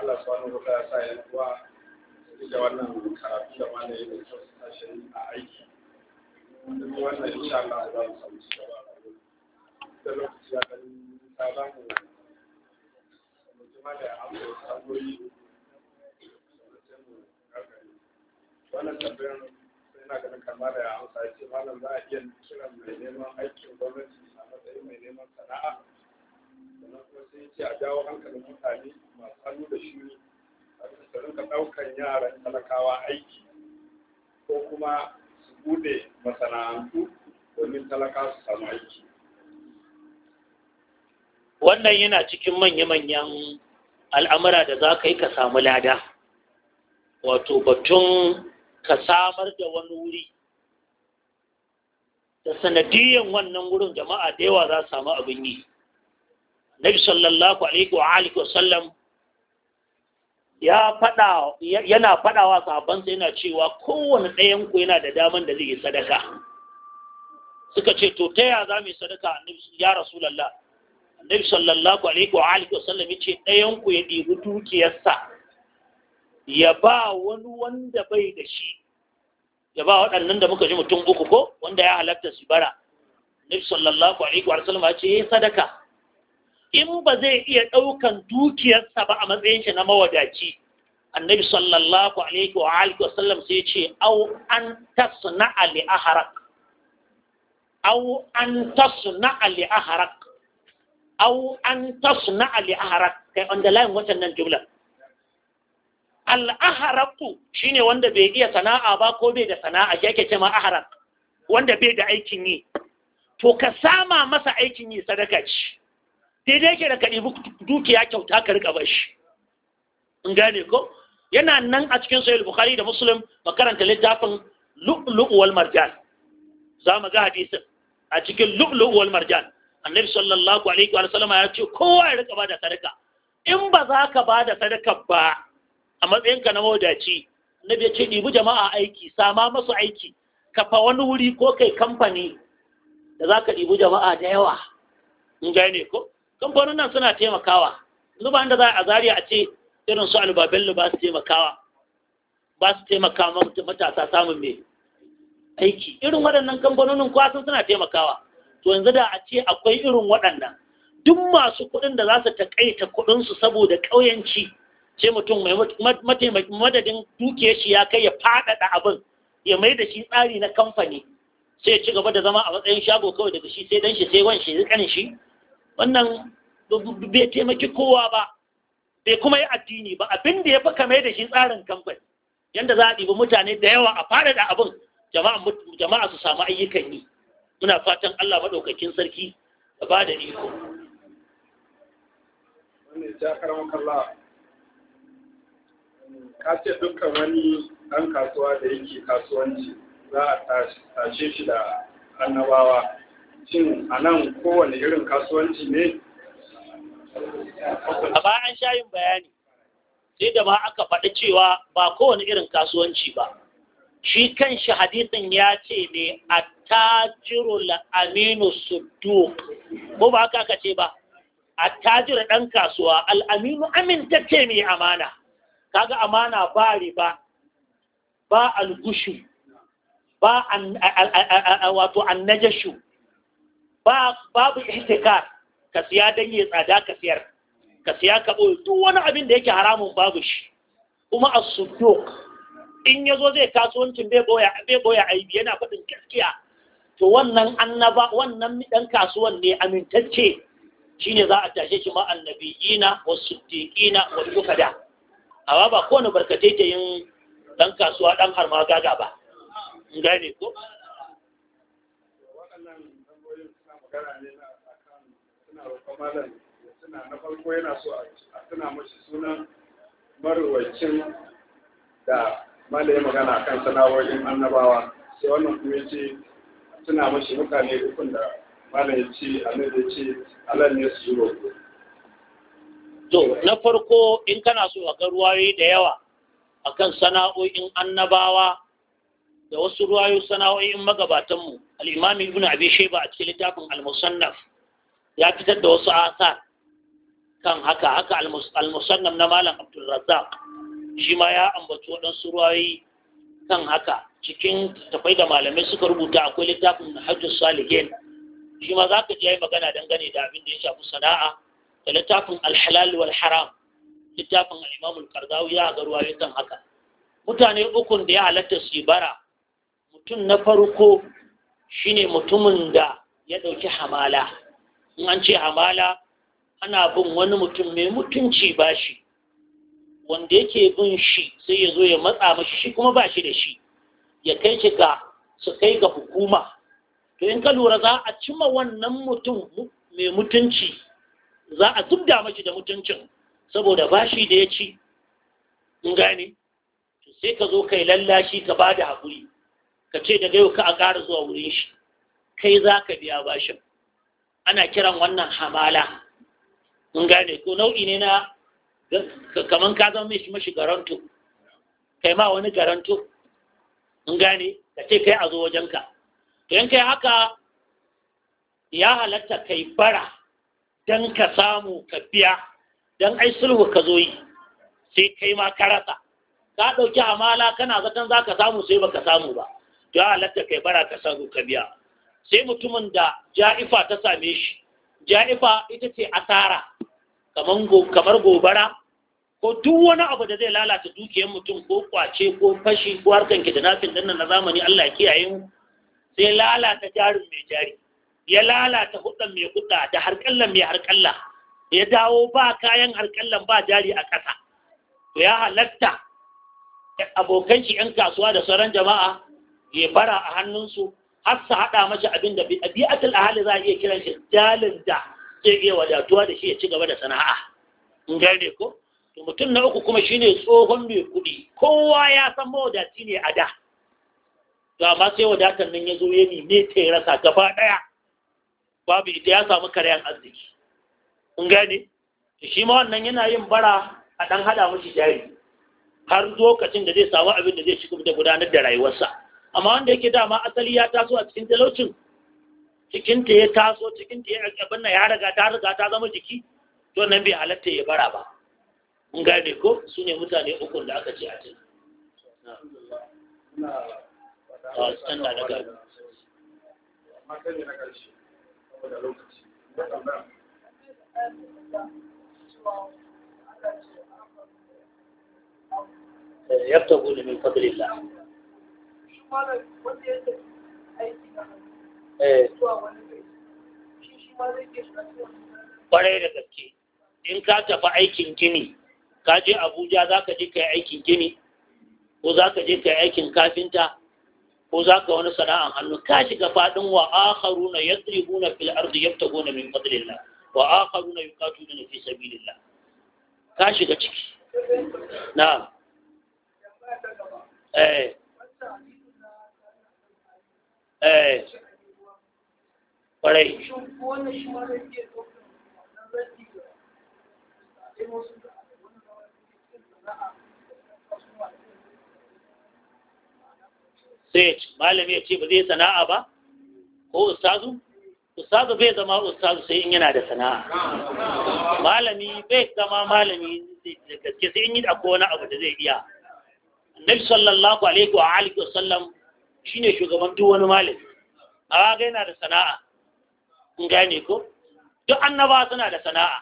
Allah subhanahu wa ta'ala sai da wannan karatu da mana yi da kyauta shi a aiki wanda wannan insha Allah za mu samu shi gaba da lokaci ya ɗan ta za mu mutuma da abu saboyi wannan tambayar yana ganin kama da amsa ya ce malam za a iya kiran mai neman aikin gwamnati a matsayin mai neman sana'a sannan kuma sai ya ce a jawo hankalin mutane masu hannu da shuni su rinka ɗaukar yaran talakawa aiki ko kuma su bude masana'antu domin talaka su samu aiki wannan yana cikin manya-manyan al'amura da za ka yi ka samu lada wato batun ka samar da wani wuri da sanadiyan wannan wurin jama'a da yawa za su samu abin yi nabi sallallahu alaihi wa alihi wa sallam ya fada yana fadawa sahabban sai yana cewa kowanne ɗayan ku yana da daman da zai yi sadaka suka ce to ta ya za mu yi sadaka ya rasulallah annabi sallallahu alaihi wa alihi wasallam ya ce ɗayan ku ya ɗibi dukiyarsa ya ba wani wanda bai da shi ya ba waɗannan da muka ji mutum uku ko wanda ya halatta su bara annabi sallallahu alaihi wa sallam ya ce eh, sadaka in ba zai iya ɗaukan dukiyarsa ba a matsayin shi na mawadaci annabi sallallahu alaihi wa alihi wasallam sai ce au an tasna ali aharak au an tasna ali aharak au an tasna ali aharak kai on the line watan nan jumla al aharaku shine wanda bai iya sana'a ba ko bai da sana'a yake ce ma aharak wanda bai da aikin yi to ka sama masa aikin yi sadaka ce daidai yake da ka ɗibi dukiya kyauta ka riƙa bashi in gane ko yana nan a cikin sahih bukhari da Musulun makaranta littafin lu'lu'u marjan za mu ga hadisin a cikin lu'lu'u wal marjan annabi sallallahu alaihi wa sallama ya ce kowa ya riƙa ba da sadaka in ba za ka ba da sadaka ba a matsayinka na mawadaci annabi ya ce ɗibi jama'a aiki sama masu aiki kafa wani wuri ko kai kamfani da za ka ɗibi jama'a da yawa in gane ko kamfanin nan suna taimakawa zuba inda za a zariya a ce irin su albabello ba su taimakawa ba su taimakawa matasa samun mai aiki irin waɗannan kamfanonin kwasan suna taimakawa to yanzu da a ce akwai irin waɗannan duk masu kuɗin da za su taƙaita kuɗinsu saboda ƙauyanci ce mutum mai mataimakin madadin dukiyar shi ya kai ya faɗaɗa abin ya mai da shi tsari na kamfani sai ya ci gaba da zama a matsayin shago kawai daga shi sai dan shi sai wan shi kanin shi wannan bai taimaki kowa ba bai kuma yi addini ba abin da ya fi kame da shi tsarin kamfani yadda za a ɗibi mutane da yawa a fara da abin jama'a su samu ayyukan yi muna fatan Allah maɗaukakin sarki da ba da iko ka ce dukkan wani ɗan kasuwa da yake kasuwanci za a tashe shi da annabawa a nan kowane irin kasuwanci ne a bayan shayin bayani sai da ba aka faɗi cewa ba kowane irin kasuwanci ba shi kan shi hadisin ya ce ne a tajirul la'aminu sudduq ko ba aka aka ce ba a ɗan kasuwa al'aminu ce mai amana kaga amana ba riba ba algushu ba wato annajashu babu ihtikar ka siya don yi tsada ka siyar ka siya ka duk wani abin da yake haramun babu shi kuma a suduq in zo zai kasuwancin bai boya bai boya yana faɗin gaskiya to wannan annaba wannan dan kasuwan ne amintacce shine za a tashe shi ma annabiyina was-siddiqina duka shuhada amma ba kowane barkatai ta yin dan kasuwa dan harma gaga ba ko magana ne na akan suna roƙon malam suna na farko yana so a tuna mashi sunan marwacin da malam ya magana kan sana'o'in annabawa sai wannan kuma ya ce tuna mashi mutane ukun da malam ya ce annabi ya ce alal ne su yi roƙo. To, na farko in kana so a ga ruwaye da yawa a kan sana'o'in annabawa da wasu ruwayo sana'o'in magabatanmu Alimami ibn abi shaiba a cikin littafin al-musannaf ya fitar da wasu asar kan haka haka al-musannaf na malam abdul razzaq shi ma ya ambaci waɗansu ruwayoyi kan haka cikin tafai da malamai suka rubuta akwai littafin hajji salihin shi ma za ka ji magana dangane da abin da ya shafi sana'a da littafin alhalal wal haram littafin al'imamul karzawi ya ga ruwayoyi kan haka mutane ukun da ya halatta su bara mutum na farko shine mutumin da ya ɗauki hamala in an ce hamala ana bin wani mutum mai mutunci bashi wanda yake bin shi sai ya zo ya matsa mashi shi kuma ba shi da shi ya kai shi ga su kai ga hukuma to in ka lura za a cima wannan mutum mai mutunci za a zubda mashi da mutuncin saboda bashi da ya ci in gane sai ka zo kai lallashi ka ba da haƙuri ka ce daga yau ka a ƙara zuwa wurin shi kai za ka biya bashin ana kiran wannan hamala mun gane ko nau'i ne na kaman ka zama mai mashi garanto kai ma wani garanto mun gane ka ce kai a zo wajenka to kai haka ya halatta kai fara don ka samu ka biya don ai sulhu ka zo yi sai kai ma ka rasa ka ɗauki hamala kana zaton za ka samu sai baka samu ba ya halatta kai bara ka sanu ka biya sai mutumin da ja'ifa ta same shi ja'ifa ita ce asara kamar gobara ko duk wani abu da zai lalata dukiyar mutum ko kwace ko fashi ko harkan kidnapping dinnan na zamani Allah ya kiyaye mu sai lalata jarin mai jari ya lalata hudan mai kuda da harkallan mai harkalla ya dawo ba kayan harkallan ba jari a kasa to ya halatta abokan shi 'yan kasuwa da sauran jama'a ya bara a hannunsu har su haɗa mashi abin da atal ahali za a iya kiran shi dalin da zai iya wadatuwa da shi ya ci gaba da sana'a in gane ko to mutum na uku kuma shine tsohon mai kuɗi kowa ya san mawadaci ne a da to amma sai wadatar nan ya zo ya nime ta ya rasa gaba ɗaya babu ita ya samu karyan arziki in gane shi ma wannan yana yin bara a ɗan haɗa mashi jari har lokacin da zai samu abin da zai ci da gudanar da rayuwarsa amma wanda yake dama asali ya taso a cikin talaucin cikinta ya taso cikinta ya na ya riga ta riga ta zama jiki to nan bai halatta ya bara ba in gane ko su ne mutane ukun da aka ce a cikin يبتغون من فضل الله Eh. Kwarai da gaske, in ka tafi aikin gini, ka je Abuja za ka je ka yi aikin gini, ko za ka je ka yi aikin kafinta, ko za ka wani sana'an hannu, ka shiga faɗin wa akharu na ya tsibu na fil arzu ya fita gona min fadlillah, wa akharu na yukatu na fi sabilillah. Ka shiga ciki. Na. Eh. eh kwarai sai malami ya ce ba zai sana'a ba ko ustazu ustazu bai zama ustazu sai in yana da sana'a malami bai zama malami da gaske sai in yi akwai wani abu da zai iya annabi sallallahu alaihi wa alihi wa sallam shine shugaban duk wani malami a ga yana da sana'a in gane ko duk annaba suna da sana'a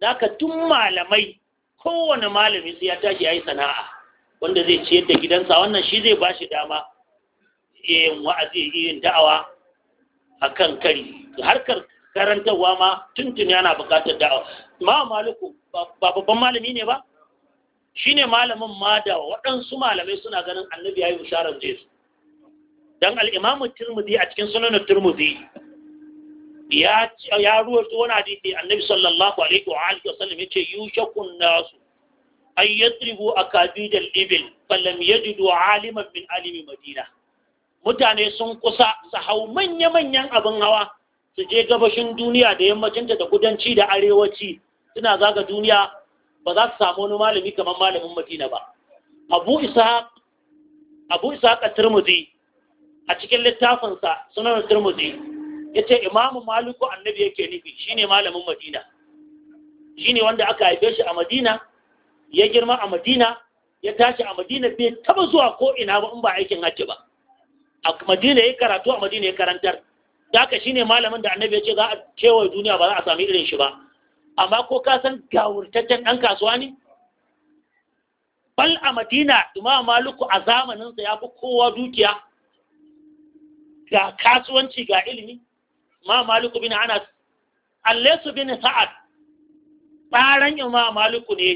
da ka tun malamai kowane malami sai ya tashi ya yi sana'a wanda zai ciyar da gidansa wannan shi zai ba shi dama yin wa'azi yin da'awa a kan kari harkar karantarwa ma tuntun yana buƙatar da'awa ma maliku ba babban malami ne ba shine malamin ma da waɗansu malamai suna ganin annabi ya yi bisharar jesu dan al-Imam Tirmidhi a cikin Sunan Tirmidhi ya ya ruwaito wani hadisi Annabi sallallahu alaihi wa alihi wasallam yace yushakun nasu ay yadribu akabid al-ibil falam yajidu aliman min alimi Madina mutane sun kusa su hau manya-manyan abin hawa su je gabashin duniya da yammacinta da kudanci da arewaci suna zaga duniya ba za su samu wani malami kamar malamin Madina ba Abu isa Abu isa at a cikin littafinsa sunan turmuzi ya ce imamu maliku annabi yake nufi shine malamin madina shine wanda aka haife shi a madina ya girma a madina ya tashi a madina bai taba zuwa ko ina ba in ba aikin hajji ba a madina ya karatu a madina ya karantar daga shine malamin da annabi ya ce za a kewaye duniya ba za a sami irin shi ba amma ko ka san gawurtaccen ɗan kasuwa ne bal a madina imamu maluku a zamaninsa ya fi kowa dukiya ga kasuwanci ga ilimi ma maliku bin anas allesu bin sa'ad ɓaran imam maliku ne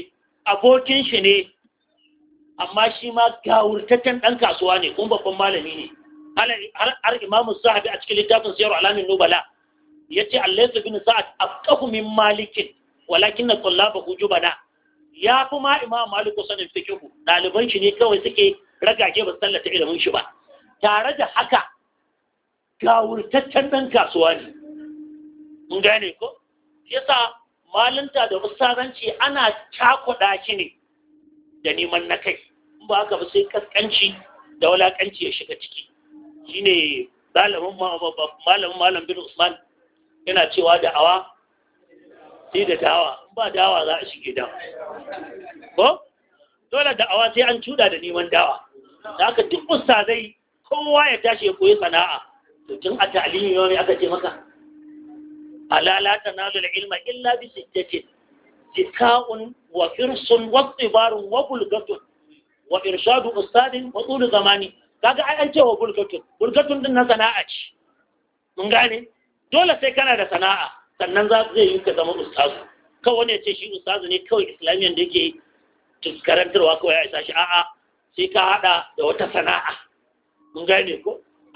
abokin shi ne amma shi ma gawurtaccen ɗan kasuwa ne kuma babban malami ne har imamu sahabi a cikin littafin siyar alamin nubala ya ce Allesu bin sa'ad a min malikin walakin na tullaba jubana ya fi ma imam maliku sanin fikihu ɗaliban shi ne kawai suke ragage ba sallata ilimin shi ba tare da haka gawurtaccen ɗan kasuwa ne mun gane ko yasa malinta da musaranci ana cakuɗa shi ne da neman na kai in ba haka ba sai kaskanci da walakanci ya shiga ciki Shi ne malamin malam bin usman yana cewa da awa sai da dawa in ba dawa za a shige dawa ko dole da awa sai an cuda da neman dawa da haka duk ustazai kowa ya tashi ya koyi sana'a tun a ta'alimi ne aka ce maka alala tanalu ilma illa bi sittatin sika'un wa firsun wa tsibarun wa bulgatun wa irshadu ustadin wa tsulu zamani kaga ai an wa bulgatun bulgatun din na sana'a ce mun gane dole sai kana da sana'a sannan za zai yi ka zama ustazu kawai wani ya ce shi ustazu ne kawai islamiyan da yake karantarwa kawai ya isa shi a'a sai ka haɗa da wata sana'a mun gane ko